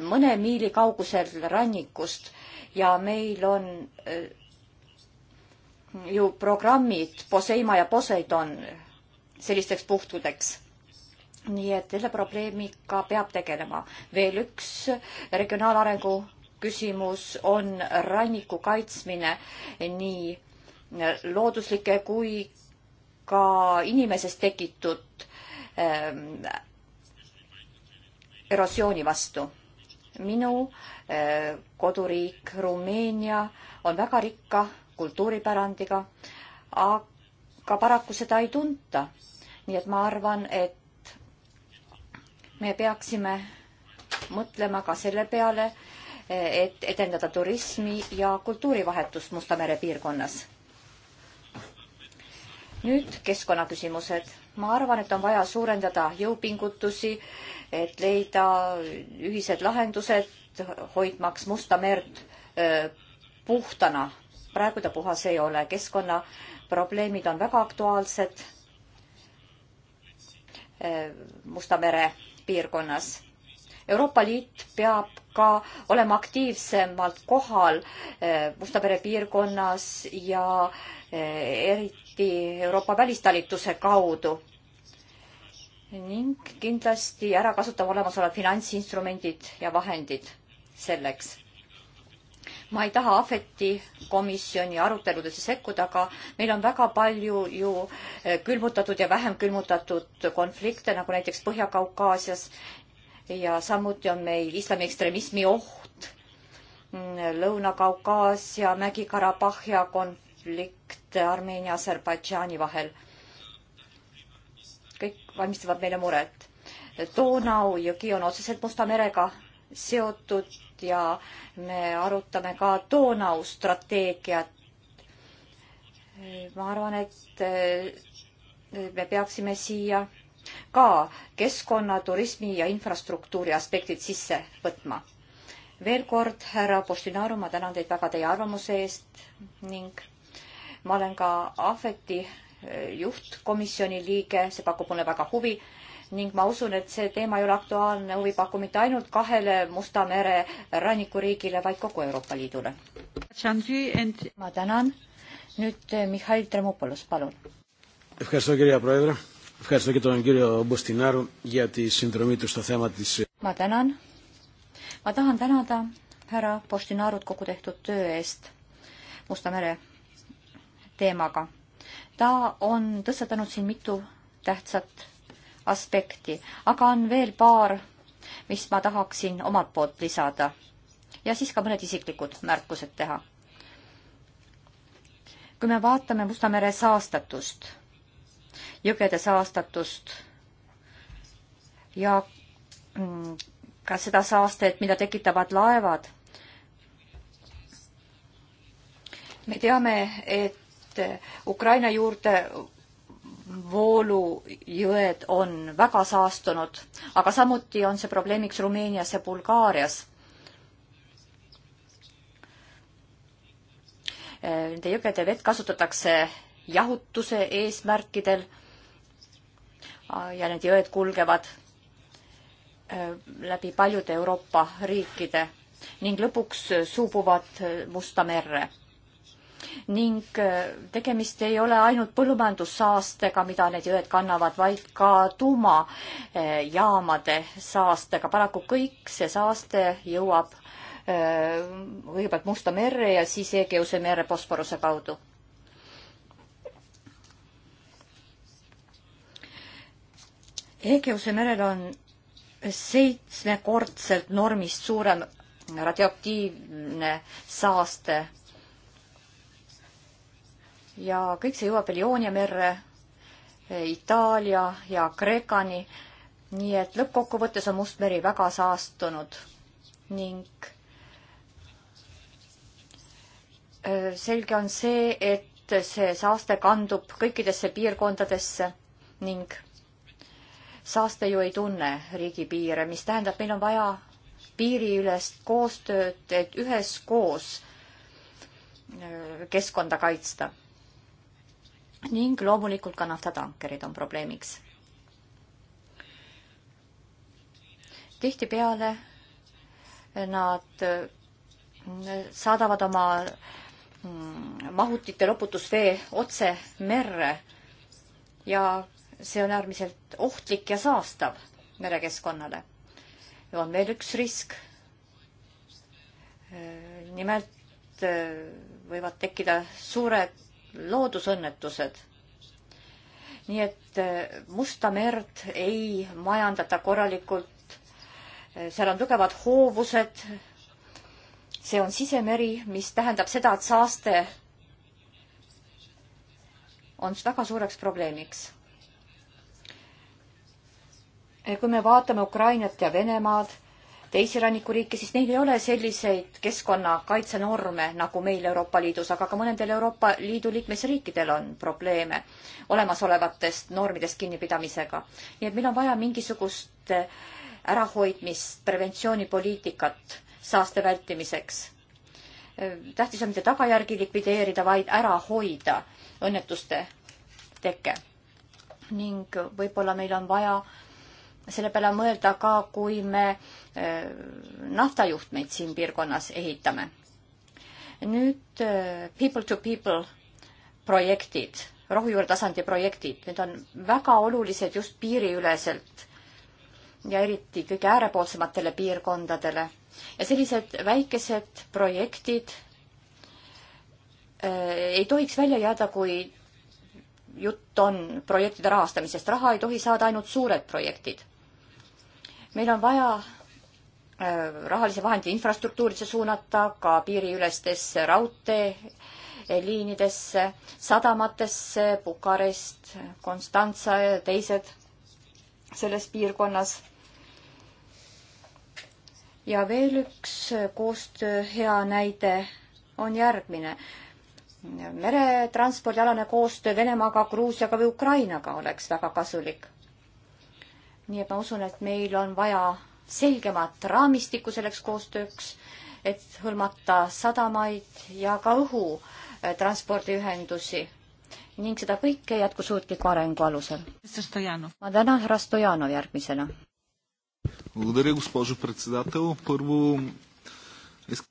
mõne miili kaugusel rannikust ja meil on ju programmid Poseima ja Poseidon sellisteks puhkudeks. nii et selle probleemiga peab tegelema. veel üks regionaalarengu küsimus on ranniku kaitsmine nii looduslike kui ka inimesest tekitud ähm, erosiooni vastu. minu äh, koduriik Rumeenia on väga rikka kultuuripärandiga, aga paraku seda ei tunta. nii et ma arvan, et me peaksime mõtlema ka selle peale, et edendada turismi ja kultuurivahetust Musta mere piirkonnas. nüüd keskkonnaküsimused. ma arvan, et on vaja suurendada jõupingutusi, et leida ühised lahendused, hoidmaks Musta merd puhtana. praegu ta puhas ei ole, keskkonnaprobleemid on väga aktuaalsed Musta mere piirkonnas Euroopa Liit peab ka olema aktiivsemalt kohal eh, Musta mere piirkonnas ja eh, eriti Euroopa välistalituse kaudu ning kindlasti ära kasutama olemasolevad finantsinstrumendid ja vahendid selleks ma ei taha Ahveti komisjoni aruteludesse sekkuda, aga meil on väga palju ju eh, külmutatud ja vähem külmutatud konflikte, nagu näiteks Põhja-Kaukaasias ja samuti on meil islami ekstremismi oht, mm, Lõuna-Kaukaasia, Mägi-Karabahhia konflikt Armeenia, Aserbaidžaani vahel. kõik valmistavad meile muret. Donau jõgi on otseselt Musta merega seotud ja me arutame ka Donau strateegiat. ma arvan, et eh, me peaksime siia ka keskkonna, turismi ja infrastruktuuri aspektid sisse võtma. veel kord, härra Postinaru, ma tänan teid väga teie arvamuse eest ning ma olen ka Ahveti eh, juhtkomisjoni liige, see pakub mulle väga huvi ning ma usun, et see teema ei ole aktuaalne huvipakku mitte ainult kahele Musta mere rannikuriigile, vaid kogu Euroopa Liidule. ma tänan. nüüd eh, Mihhail Tremopolus, palun. Ευχαριστώ και τον κύριο Μποστινάρου για τη συνδρομή του στο θέμα της... Ma tänan. Ma tahan tänada härra Postinarut kogu tehtud töö eest Musta mere teemaga. Ta on tõstatanud siin mitu tähtsat aspekti, aga on veel paar, mis ma tahaksin omalt poolt lisada ja siis ka mõned isiklikud märkused teha. kui me vaatame Musta mere saastatust jõgede saastatust ja mm, ka seda saastet, mida tekitavad laevad. me teame, et Ukraina juurde voolujõed on väga saastunud, aga samuti on see probleemiks Rumeenias ja Bulgaarias. Nende jõgede vett kasutatakse jahutuse eesmärkidel Äh, ja need jõed kulgevad äh, läbi paljude Euroopa riikide ning lõpuks äh, suubuvad Musta merre. ning tegemist ei ole ainult põllumajandussaastega, mida need jõed kannavad, vaid ka tuumajaamade saastega. paraku kõik see saaste jõuab kõigepealt Musta merre ja siis Egeuse mere Bosporuse kaudu Egeuse merel on seitsmekordselt normist suurem radioaktiivne saaste. ja kõik see jõuab Lioonia merre, Itaalia ja Kreekani. nii et lõppkokkuvõttes on Mustmeri väga saastunud ning äh, selge on see, et see saaste kandub kõikidesse piirkondadesse ning saaste ju ei tunne riigipiire, mis tähendab, meil on vaja piiriülest koostööd, et üheskoos äh, keskkonda kaitsta. ning loomulikult ka naftatankerid on probleemiks. tihtipeale äh, nad äh, saadavad oma mm, mahutite loputusvee otse merre ja see on äärmiselt ohtlik ja saastav merekeskkonnale. ja on veel üks risk. Äh, nimelt äh, võivad tekkida suured loodusõnnetused. nii et äh, Musta merd ei majandata korralikult. seal on tugevad hoovused. see on sisemeri, mis tähendab seda, et saaste on väga suureks probleemiks Eh, kui me vaatame Ukrainat ja Venemaad, teisi rannikuriike, siis neil ei ole selliseid keskkonnakaitsenorme nagu meil Euroopa Liidus, aga ka mõnedel Euroopa Liidu liikmesriikidel on probleeme olemasolevatest normidest kinnipidamisega. nii et meil on vaja mingisugust eh, ärahoidmist, preventsioonipoliitikat saaste vältimiseks. Eh, tähtis on mitte tagajärgi likvideerida, vaid ära hoida õnnetuste teke. ning võib-olla meil on vaja selle peale mõelda ka, kui me äh, naftajuhtmeid siin piirkonnas ehitame. nüüd äh, people to people projektid, rohujuuretasandi projektid, need on väga olulised just piiriüleselt ja eriti kõige äärepoolsematele piirkondadele. ja sellised väikesed projektid äh, ei tohiks välja jääda, kui jutt on projektide rahastamisest. raha ei tohi saada ainult suured projektid meil on vaja äh, rahalisi vahendeid infrastruktuuridesse suunata, ka piiriülestesse raudteeliinidesse, sadamatesse, Bukarest, Konstantsa ja teised selles piirkonnas. ja veel üks koostöö hea näide on järgmine. meretranspordialane koostöö Venemaaga, Gruusiaga või Ukrainaga oleks väga kasulik nii et ma usun, et meil on vaja selgemat raamistikku selleks koostööks, et hõlmata sadamaid ja ka õhutranspordiühendusi äh, ning seda kõike jätkusuutliku arengu alusel. ma tänan härra Stojanov järgmisena.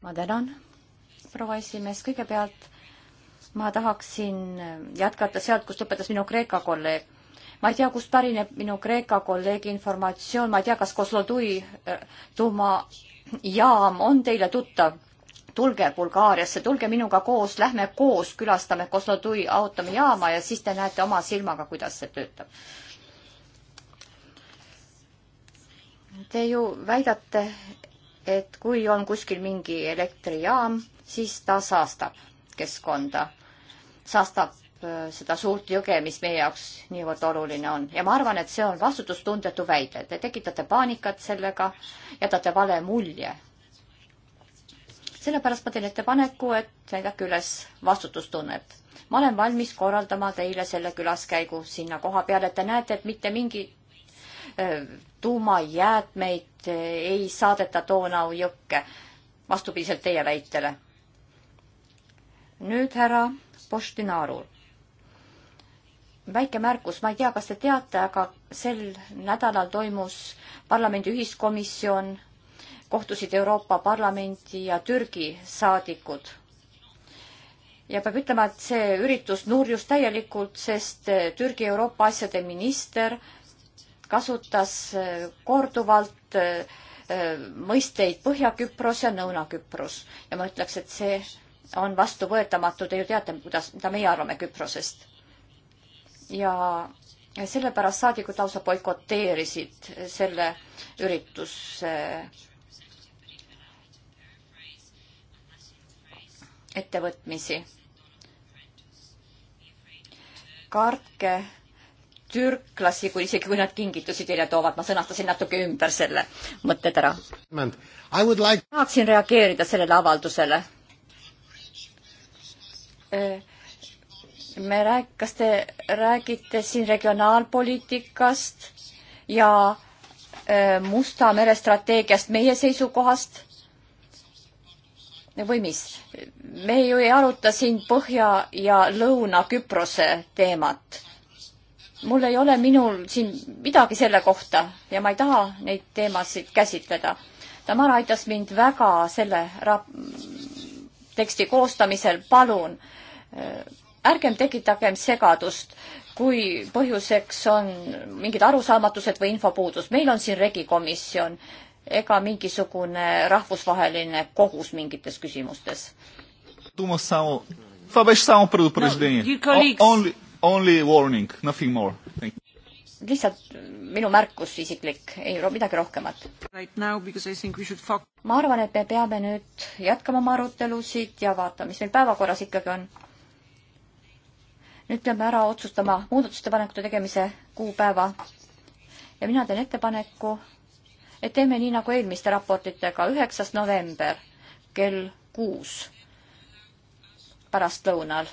ma tänan, proua esimees, kõigepealt ma tahaksin äh, jätkata sealt, kus lõpetas minu Kreeka kolleeg ma ei tea, kust pärineb minu Kreeka kolleegi informatsioon, ma ei tea, kas Koslodui äh, tuumajaam on teile tuttav? tulge Bulgaariasse, tulge minuga koos, lähme koos, külastame Koslodui automijaama ja siis te näete oma silmaga, kuidas see töötab. Te ju väidate, et kui on kuskil mingi elektrijaam, siis ta saastab keskkonda, saastab Äh, seda suurt jõge, mis meie jaoks niivõrd oluline on. ja ma arvan, et see on vastutustundetu väide. Te tekitate paanikat sellega, jätate vale mulje. sellepärast ma teen ettepaneku, et näidake üles vastutustunnet. ma olen valmis korraldama teile selle külaskäigu sinna koha peale, et te näete, et mitte mingi äh, tuumajäätmeid äh, ei saadeta Donau jõkke, vastupidiselt teie väitele. nüüd härra Postinaarul väike märkus, ma ei tea, kas te teate, aga sel nädalal toimus parlamendi ühiskomisjon, kohtusid Euroopa Parlamendi ja Türgi saadikud. ja peab ütlema, et see üritus nurjus täielikult, sest Türgi Euroopa asjade minister kasutas korduvalt eh, mõisteid Põhja-Küpros ja Lõuna-Küpros ja ma ütleks, et see on vastuvõetamatu, te ju teate, kuidas, mida meie arvame Küprosest ja sellepärast saadikud lausa boikoteerisid selle ürituse ettevõtmisi. kartke türklasi, kui isegi kui nad kingitusi teile toovad, ma sõnastasin natuke ümber selle mõtted ära. tahaksin reageerida sellele avaldusele äh, me rääk-, kas te räägite siin regionaalpoliitikast ja äh, Musta mere strateegiast meie seisukohast või mis? me ju ei aruta siin Põhja- ja Lõuna-Küprose teemat. mul ei ole minul siin midagi selle kohta ja ma ei taha neid teemasid käsitleda. Tamara aitas mind väga selle rap-, teksti koostamisel, palun äh, ärgem tekitagem segadust, kui põhjuseks on mingid arusaamatused või infopuudus. meil on siin regikomisjon ega mingisugune rahvusvaheline kohus mingites küsimustes. lihtsalt minu märkus isiklik, ei midagi rohkemat right. ma arvan, et me peame nüüd jätkama oma arutelusid ja vaatama, mis meil päevakorras ikkagi on nüüd peame ära otsustama muudatustepanekute tegemise kuupäeva ja mina teen ettepaneku, et teeme nii nagu eelmiste raportitega, üheksas november kell kuus pärastlõunal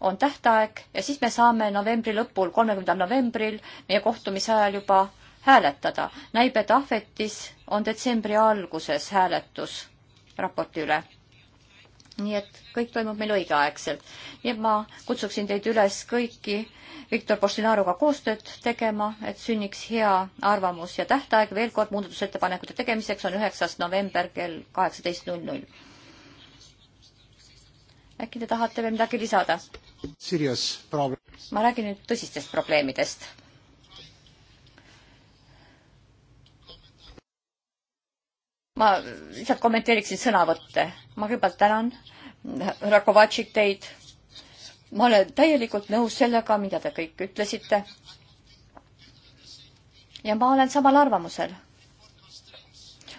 on tähtaeg ja siis me saame novembri lõpul, kolmekümnendal novembril meie kohtumise ajal juba hääletada. näib, et ahvetis on detsembri alguses hääletus raporti üle nii et kõik toimub meil õigeaegselt. nii et ma kutsuksin teid üles kõiki Viktor Postinaruga koostööd tegema, et sünniks hea arvamus ja tähtaeg veel kord muudatusettepanekute tegemiseks on üheksas november kell kaheksateist null null. äkki te tahate veel midagi lisada? ma räägin nüüd tõsistest probleemidest ma lihtsalt kommenteeriksin sõnavõtte. ma kõigepealt tänan, härra Kovatšik, teid. ma olen täielikult nõus sellega, mida te kõik ütlesite. ja ma olen samal arvamusel.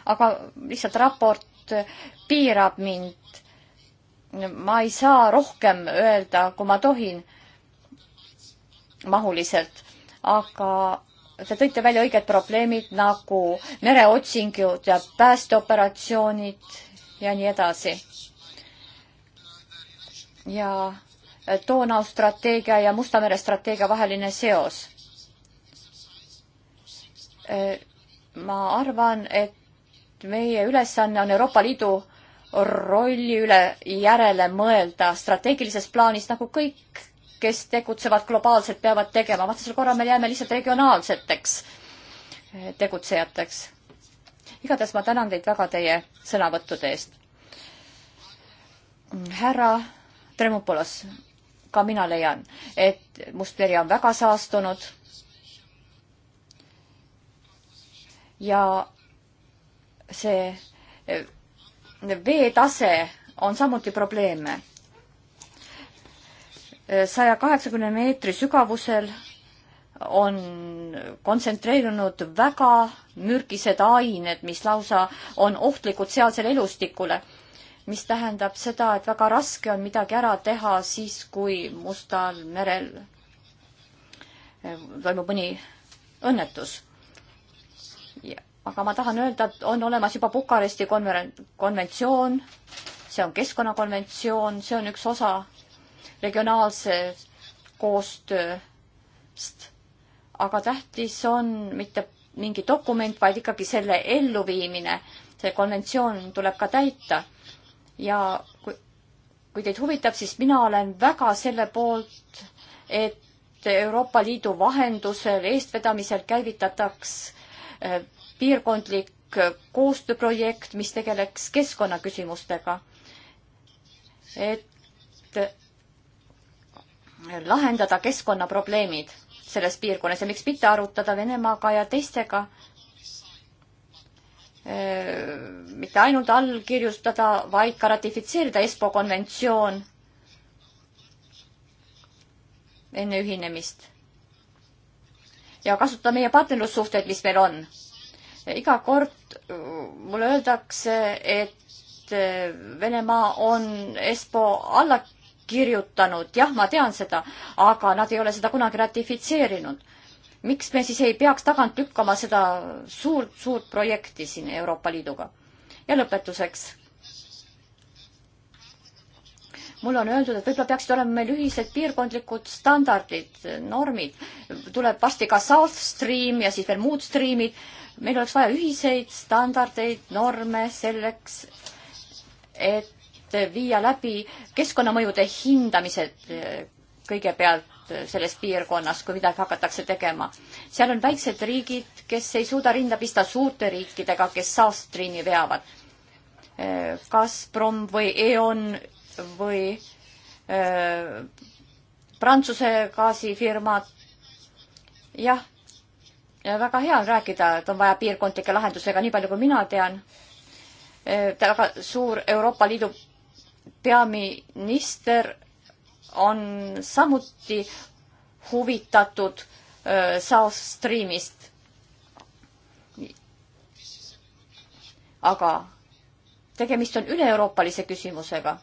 aga lihtsalt raport piirab mind. ma ei saa rohkem öelda, kui ma tohin mahuliselt, aga Te tõite välja õiged probleemid nagu mereotsingud ja päästeoperatsioonid ja nii edasi. ja Donau strateegia ja Musta mere strateegia vaheline seos. ma arvan, et meie ülesanne on Euroopa Liidu rolli üle järele mõelda strateegilises plaanis nagu kõik kes tegutsevad globaalselt, peavad tegema, vastasel korral me jääme lihtsalt regionaalseteks eh, tegutsejateks. igatahes ma tänan teid väga teie sõnavõttude eest. Mm, härra Tremopolos, ka mina leian, et Mustveri on väga saastunud ja see eh, veetase on samuti probleeme saja kaheksakümne meetri sügavusel on kontsentreerunud väga mürgised ained, mis lausa on ohtlikud sealsele elustikule. mis tähendab seda, et väga raske on midagi ära teha siis, kui Mustal merel eh, toimub mõni õnnetus. aga ma tahan öelda, et on olemas juba Bukaresti konveren-, konventsioon, see on keskkonnakonventsioon, see on üks osa regionaalse koostööst. aga tähtis on mitte mingi dokument, vaid ikkagi selle elluviimine. see konventsioon tuleb ka täita. ja kui, kui teid huvitab, siis mina olen väga selle poolt, et Euroopa Liidu vahendusel, eestvedamisel käivitataks äh, piirkondlik äh, koostööprojekt, mis tegeleks keskkonnaküsimustega. et lahendada keskkonnaprobleemid selles piirkonnas ja miks mitte arutada Venemaaga ja teistega äh, mitte ainult allkirjustada, vaid ka ratifitseerida ESPO konventsioon enne ühinemist. ja kasutada meie partnerlussuhteid, mis meil on. iga kord äh, mulle öeldakse, et äh, Venemaa on ESPO alla kirjutanud, jah, ma tean seda, aga nad ei ole seda kunagi ratifitseerinud. miks me siis ei peaks tagant lükkama seda suurt-suurt projekti siin Euroopa Liiduga? ja lõpetuseks. mulle on öeldud, et võib-olla peaksid olema meil ühised piirkondlikud standardid, normid. tuleb varsti ka South Stream ja siis veel muud streamid. meil oleks vaja ühiseid standardeid, norme selleks, et viia läbi keskkonnamõjude hindamised eh, kõigepealt eh, selles piirkonnas, kui midagi hakatakse tegema. seal on väiksed riigid, kes ei suuda rinda pista suurte riikidega, kes saastrini veavad. Eh, Gazprom või E.ON või öö, Prantsuse gaasifirmad. jah, väga hea on rääkida, et on vaja piirkondlikke lahendusi, aga nii palju, kui mina tean, väga suur Euroopa Liidu peaminister on samuti huvitatud South Streamist. aga tegemist on üle-euroopalise küsimusega.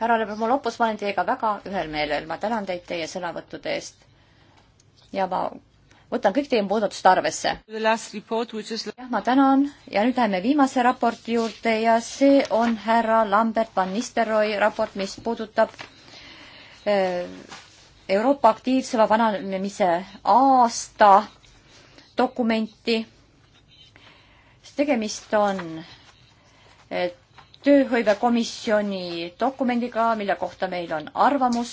härra Lebomolopos, ma olen teiega väga ühel meelel, ma tänan teid teie sõnavõttude eest. ja ma võtan kõik teie muudatust arvesse. jah, ma tänan ja nüüd läheme viimase raporti juurde ja see on härra Lambert van Nistelrooy raport, mis puudutab eh, Euroopa aktiivsema vananemise aasta dokumenti. tegemist on eh, tööhõivekomisjoni dokumendiga, mille kohta meil on arvamus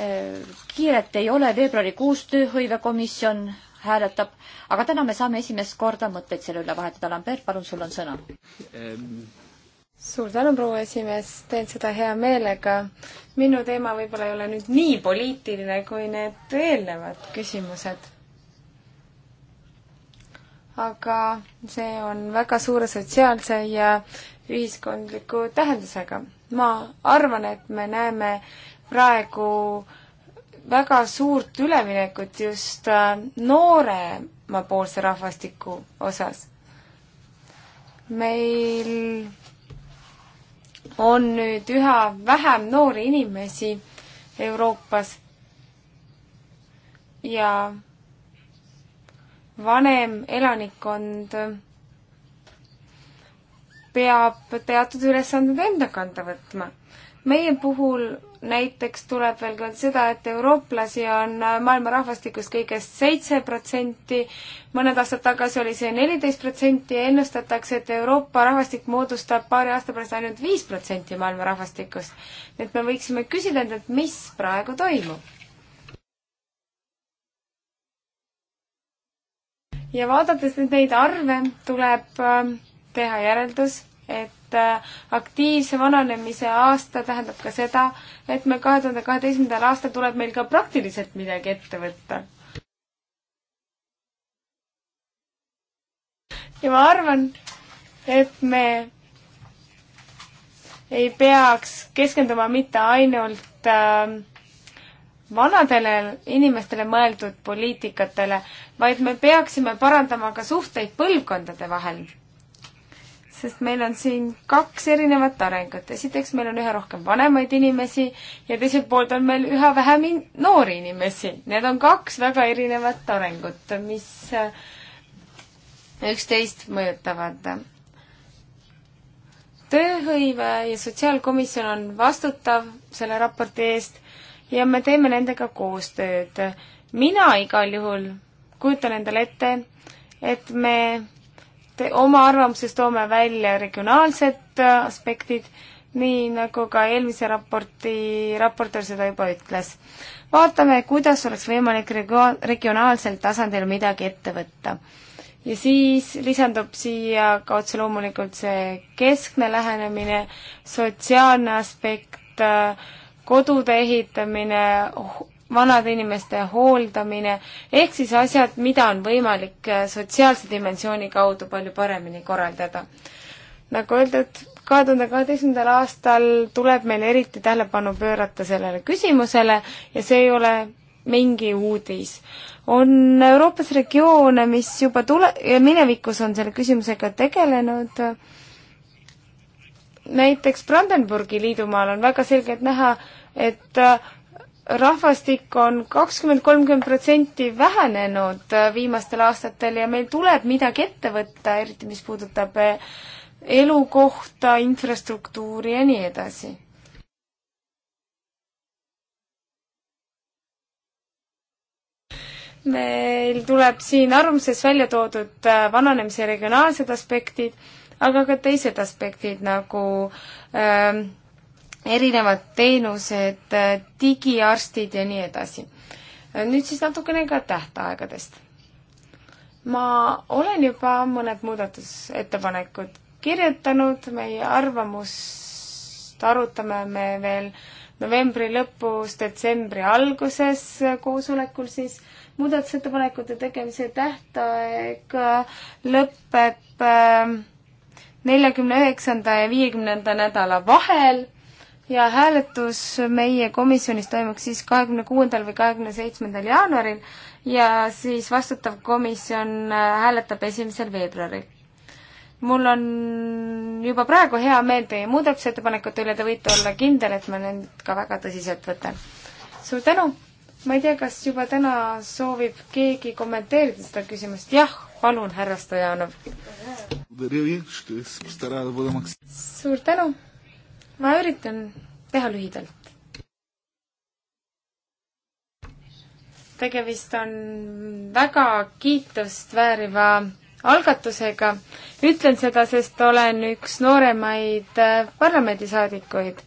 Äh, kiiret ei ole, veebruarikuus tööhõivekomisjon hääletab, aga täna me saame esimest korda mõtteid selle üle vahetada. Lambert, palun, sul on sõna ähm.. suur tänu, proua esimees, teen seda hea meelega. minu teema võib-olla ei ole nüüd nii poliitiline kui need eelnevad küsimused aga see on väga suure sotsiaalse ja ühiskondliku tähendusega. ma arvan, et me näeme praegu väga suurt üleminekut just äh, nooremapoolse rahvastiku osas. meil on nüüd üha vähem noori inimesi Euroopas ja vanem elanikkond peab teatud ülesanded enda kanda võtma. meie puhul näiteks tuleb veel ka seda, et eurooplasi on maailma rahvastikust kõigest seitse protsenti, mõned aastad tagasi oli see neliteist protsenti ja ennustatakse, et Euroopa rahvastik moodustab paari aasta pärast ainult viis protsenti maailma rahvastikust. nii et me võiksime küsida endalt, mis praegu toimub? ja vaadates nüüd neid arve, tuleb ähm, teha järeldus, et et äh, aktiivse vananemise aasta tähendab ka seda, et me kahe tuhande kaheteistkümnendal aastal tuleb meil ka praktiliselt midagi ette võtta. ja ma arvan, et me ei peaks keskenduma mitte ainult äh, vanadele inimestele mõeldud poliitikatele, vaid me peaksime parandama ka suhteid põlvkondade vahel sest meil on siin kaks erinevat arengut. esiteks, meil on üha rohkem vanemaid inimesi ja teiselt poolt on meil üha vähem in noori inimesi. Need on kaks väga erinevat arengut, mis äh, üksteist mõjutavad. tööhõive ja sotsiaalkomisjon on vastutav selle raporti eest ja me teeme nendega koostööd. mina igal juhul kujutan endale ette, et me te, oma arvamuses toome välja regionaalsed äh, aspektid, nii nagu ka eelmise raporti, raportöör seda juba ütles. vaatame, kuidas oleks võimalik regio-, regionaalsel tasandil midagi ette võtta. ja siis lisandub siia ka otse loomulikult see keskne lähenemine, sotsiaalne aspekt, äh, kodude ehitamine oh,, vanade inimeste hooldamine, ehk siis asjad, mida on võimalik äh, sotsiaalse dimensiooni kaudu palju paremini korraldada. nagu öeldud, kahe tuhande kaheteistkümnendal aastal tuleb meil eriti tähelepanu pöörata sellele küsimusele ja see ei ole mingi uudis. on Euroopas regioone, mis juba tule-, minevikus on selle küsimusega tegelenud, näiteks Brandenburgi liidumaal on väga selgelt näha, et äh, rahvastik on kakskümmend, kolmkümmend protsenti vähenenud äh, viimastel aastatel ja meil tuleb midagi ette võtta, eriti mis puudutab äh, elukohta, infrastruktuuri ja nii edasi. meil tuleb siin arvamuses välja toodud äh, vananemise regionaalsed aspektid, aga ka teised aspektid nagu äh, erinevad teenused, digiarstid ja nii edasi. nüüd siis natukene ka tähtaegadest. ma olen juba mõned muudatusettepanekud kirjutanud, meie arvamust arutame me veel novembri lõpus, detsembri alguses koosolekul siis muudatusettepanekute tegemise tähtaeg lõpeb äh, neljakümne üheksanda ja viiekümnenda nädala vahel ja hääletus meie komisjonis toimuks siis kahekümne kuuendal või kahekümne seitsmendal jaanuaril ja siis vastutav komisjon äh, hääletab esimesel veebruaril. mul on juba praegu hea meel teie muudatusettepanekute üle, te võite olla kindel, et ma need ka väga tõsiselt võtan. suur tänu! ma ei tea, kas juba täna soovib keegi kommenteerida seda küsimust, jah, palun, härra Stojanov. suur tänu! ma üritan teha lühidalt. tegemist on väga kiitust vääriva algatusega. ütlen seda, sest olen üks nooremaid äh, parlamendisaadikuid.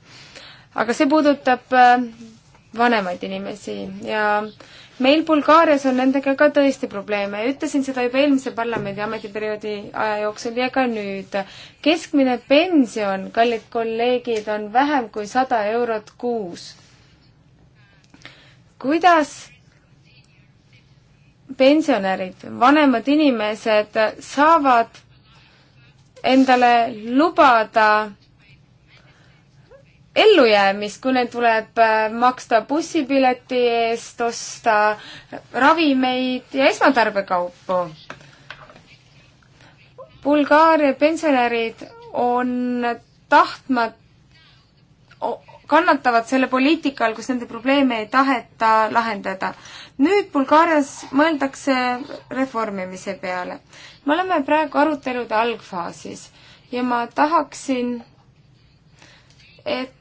aga see puudutab äh, vanemaid inimesi ja meil Bulgaarias on nendega ka tõesti probleeme ja ütlesin seda juba eelmise parlamendi ametiperioodi aja jooksul ja ka nüüd. keskmine pension, kallid kolleegid, on vähem kui sada eurot kuus. kuidas pensionärid, vanemad inimesed saavad endale lubada ellujäämist, kui neil tuleb äh, maksta bussipileti eest, osta ravimeid ja esmatarbekaupu. Bulgaaria pensionärid on tahtmat-, kannatavad selle poliitika all, kus nende probleeme ei taheta lahendada. nüüd Bulgaarias mõeldakse reformimise peale. me oleme praegu arutelude algfaasis ja ma tahaksin, et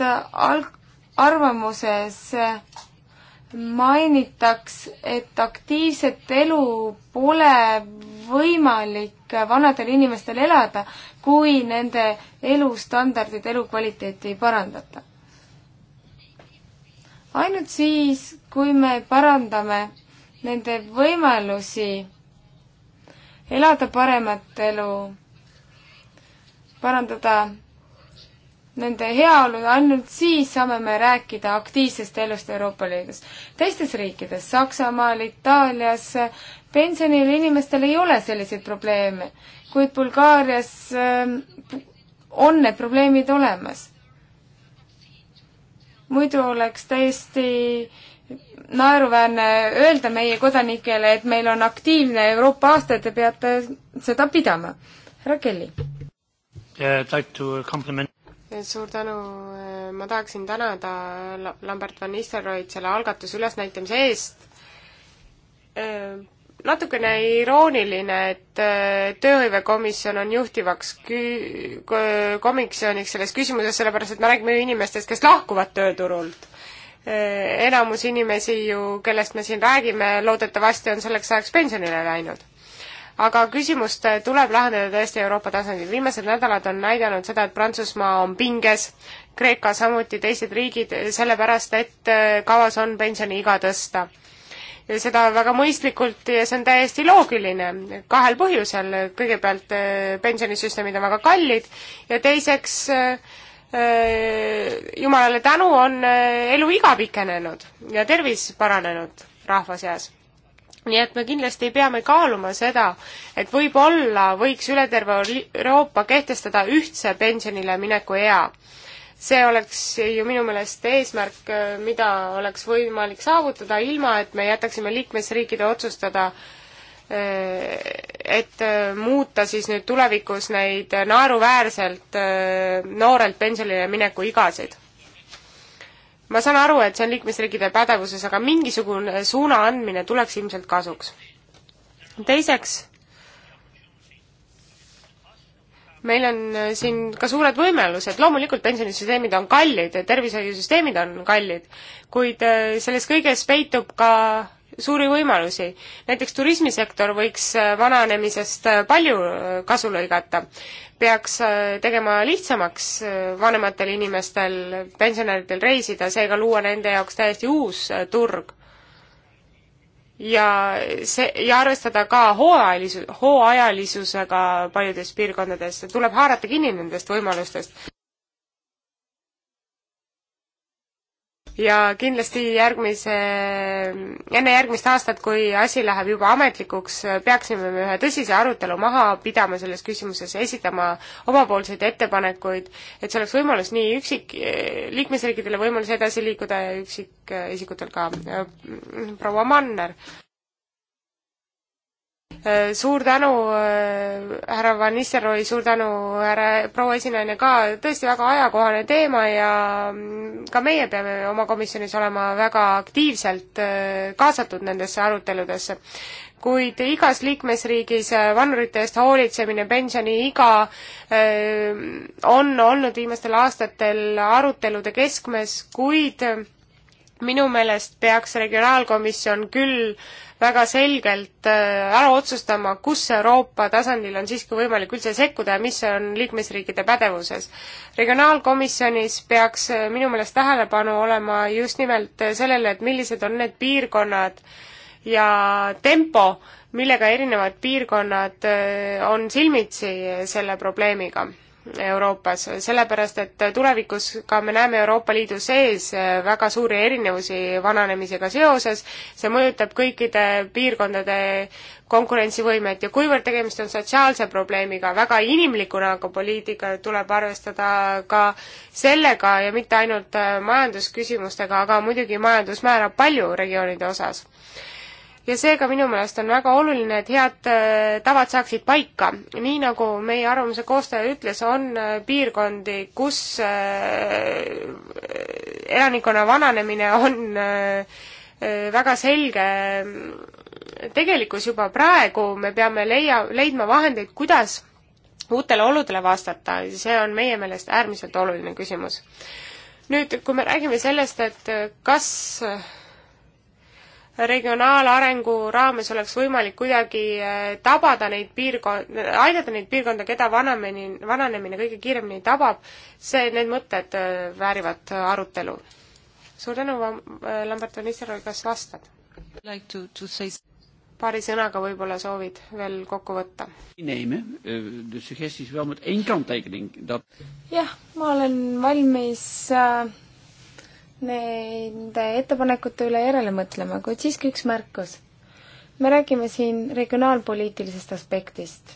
et äh, alg-, arvamuses äh, mainitaks, et aktiivset elu pole võimalik äh, vanadel inimestel elada, kui nende elustandardid, elukvaliteeti ei parandata. ainult siis, kui me parandame nende võimalusi elada paremat elu, parandada nende heaolu, ainult siis saame me rääkida aktiivsest elust Euroopa Liidus. teistes riikides, Saksamaal, Itaalias, pensionil inimestel ei ole selliseid probleeme, kuid Bulgaarias ähm, on need probleemid olemas. muidu oleks täiesti naeruväärne öelda meie kodanikele, et meil on aktiivne Euroopa aasta, te peate seda pidama. härra Kelly. Yeah, I'd like to compliment suur tänu, äh, ma tahaksin tänada Lambert van Nistelrooid selle algatuse ülesnäitamise eest. Äh, natukene irooniline, et äh, tööhõivekomisjon on juhtivaks kü-, komisjoniks selles küsimuses, sellepärast et me räägime ju inimestest, kes lahkuvad tööturult enamus inimesi ju, kellest me siin räägime, loodetavasti on selleks ajaks pensionile läinud aga küsimust äh, tuleb lahendada tõesti Euroopa tasandil. viimased nädalad on näidanud seda, et Prantsusmaa on pinges, Kreeka samuti, teised riigid, äh, sellepärast et äh, kavas on pensioniiga tõsta. seda väga mõistlikult ja see on täiesti loogiline kahel põhjusel. kõigepealt pensionisüsteemid on väga kallid ja teiseks jumalale tänu, on eluiga pikenenud ja tervis paranenud rahva seas nii et me kindlasti peame kaaluma seda, et võib-olla võiks üle terve Euroopa kehtestada ühtse pensionile mineku ea. see oleks ju minu meelest eesmärk, mida oleks võimalik saavutada, ilma et me jätaksime liikmesriikide otsustada eh, et eh, muuta siis nüüd tulevikus neid naeruväärselt eh, noorelt pensionile mineku igasid ma saan aru, et see on liikmesriikide pädevuses, aga mingisugune suuna andmine tuleks ilmselt kasuks. teiseks, meil on äh, siin ka suured võimalused, loomulikult pensionisüsteemid on kallid, tervishoiusüsteemid on kallid, kuid äh, selles kõiges peitub ka suuri võimalusi. näiteks turismisektor võiks äh, vananemisest äh, palju äh, kasu lõigata. peaks tegema lihtsamaks vanematel inimestel, pensionäridel reisida, seega luua nende jaoks täiesti uus turg. ja see, ja arvestada ka hooajalisu-, hooajalisusega paljudes piirkondades, tuleb haarata kinni nendest võimalustest ja kindlasti järgmise, enne järgmist aastat, kui asi läheb juba ametlikuks, peaksime me ühe tõsise arutelu maha pidama selles küsimuses, esitama omapoolseid ettepanekuid, et see oleks võimalus nii üksik, liikmesriikidele võimalus edasi liikuda ja üksikisikutele äh, ka. Äh, proua Manner. Äh, suur tänu, äh, härra Van Nistelrooy, suur tänu, härra proua esinaine ka, tõesti väga ajakohane teema ja mm, ka meie peame oma komisjonis olema väga aktiivselt äh, kaasatud nendesse aruteludesse. kuid igas liikmesriigis vanurite eest hoolitsemine, pensioniiga on olnud viimastel aastatel arutelude keskmes, kuid minu meelest peaks Regionaalkomisjon küll väga selgelt äh, ära otsustama, kus Euroopa tasandil on siiski võimalik üldse sekkuda ja mis on liikmesriikide pädevuses. regionaalkomisjonis peaks äh, minu meelest tähelepanu olema just nimelt äh, sellele, et millised on need piirkonnad ja tempo, millega erinevad piirkonnad on silmitsi selle probleemiga Euroopas, sellepärast et tulevikus ka me näeme Euroopa Liidu sees äh, väga suuri erinevusi vananemisega seoses, see mõjutab kõikide piirkondade konkurentsivõimet ja kuivõrd tegemist on sotsiaalse probleemiga, väga inimlikuna aga poliitika tuleb arvestada ka sellega ja mitte ainult äh, majandusküsimustega, aga muidugi majandus määrab palju regioonide osas ja seega minu meelest on väga oluline, et head äh, tavad saaksid paika. nii nagu meie arvamuse koostaja ütles, on äh, piirkondi, kus äh, elanikkonna vananemine on väga selge tegelikkus juba praegu, me peame leia, leidma vahendeid, kuidas uutele oludele vastata, see on meie meelest äärmiselt oluline küsimus. nüüd, kui me räägime sellest, et kas regionaalarengu raames oleks võimalik kuidagi äh, tabada neid piirkond, aidata neid piirkonda, keda vanemini, vananemine kõige kiiremini tabab, see, need mõtted äh, väärivad äh, arutelu. suur tänu, Lambert Van Nistelrooy, kas vastad like? Say... paari sõnaga võib-olla soovid veel kokku võtta? jah, ma olen valmis äh nende ettepanekute üle järele mõtlema, kuid siiski üks märkus. me räägime siin regionaalpoliitilisest aspektist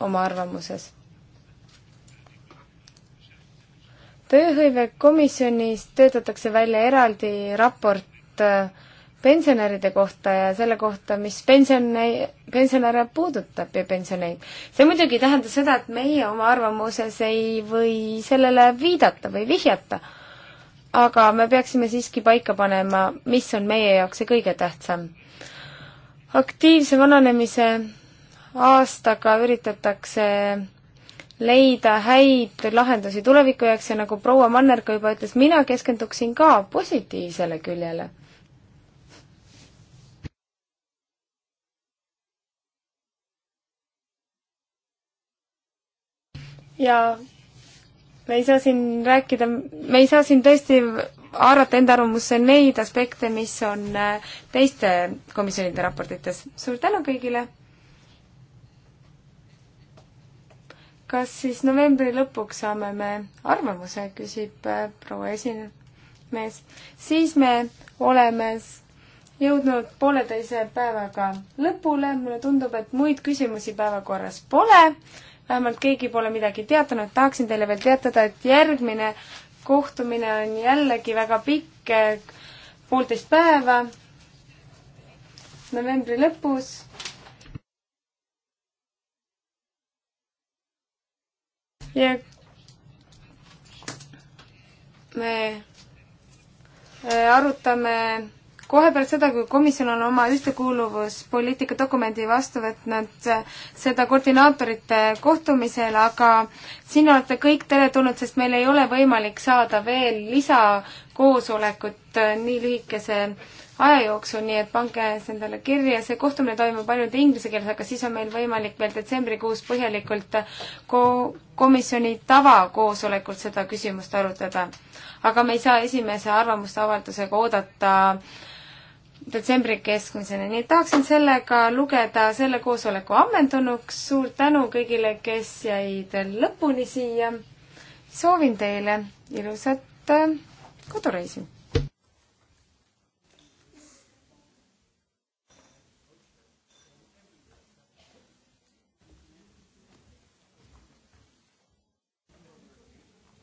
oma arvamuses. tööhõivekomisjonis töötatakse välja eraldi raport äh, pensionäride kohta ja selle kohta, mis pensione, pensionäre puudutab ja pensioneid. see muidugi ei tähenda seda, et meie oma arvamuses ei või sellele viidata või vihjata aga me peaksime siiski paika panema, mis on meie jaoks see kõige tähtsam. aktiivse vananemise aastaga üritatakse leida häid lahendusi tuleviku jaoks ja nagu proua Manner ka juba ütles, mina keskenduksin ka positiivsele küljele ja me ei saa siin rääkida, me ei saa siin tõesti haarata enda arvamusse neid aspekte, mis on äh, teiste komisjonide raportites. suur tänu kõigile! kas siis novembri lõpuks saame me arvamuse, küsib äh, proua esimees. siis me oleme jõudnud pooleteise päevaga lõpule, mulle tundub, et muid küsimusi päevakorras pole vähemalt keegi pole midagi teatanud, tahaksin teile veel teatada, et järgmine kohtumine on jällegi väga pikk, poolteist päeva, novembri lõpus. ja me äh, arutame kohe pärast seda, kui komisjon on oma ühtekuuluvuspoliitika dokumendi vastu võtnud eh, seda koordinaatorite kohtumisel, aga siin olete kõik teretulnud, sest meil ei ole võimalik saada veel lisa koosolekut äh, nii lühikese aja jooksul, nii et pange see endale kirja, see kohtumine toimub ainult inglise keeles, aga siis on meil võimalik veel detsembrikuus põhjalikult äh, ko-, komisjoni tavakoosolekult seda küsimust arutada. aga me ei saa esimese arvamuste avaldusega oodata detsembri keskmiseni, nii et tahaksin sellega lugeda selle koosoleku ammendunuks, suur tänu kõigile, kes jäid lõpuni siia, soovin teile ilusat äh, kodureisi.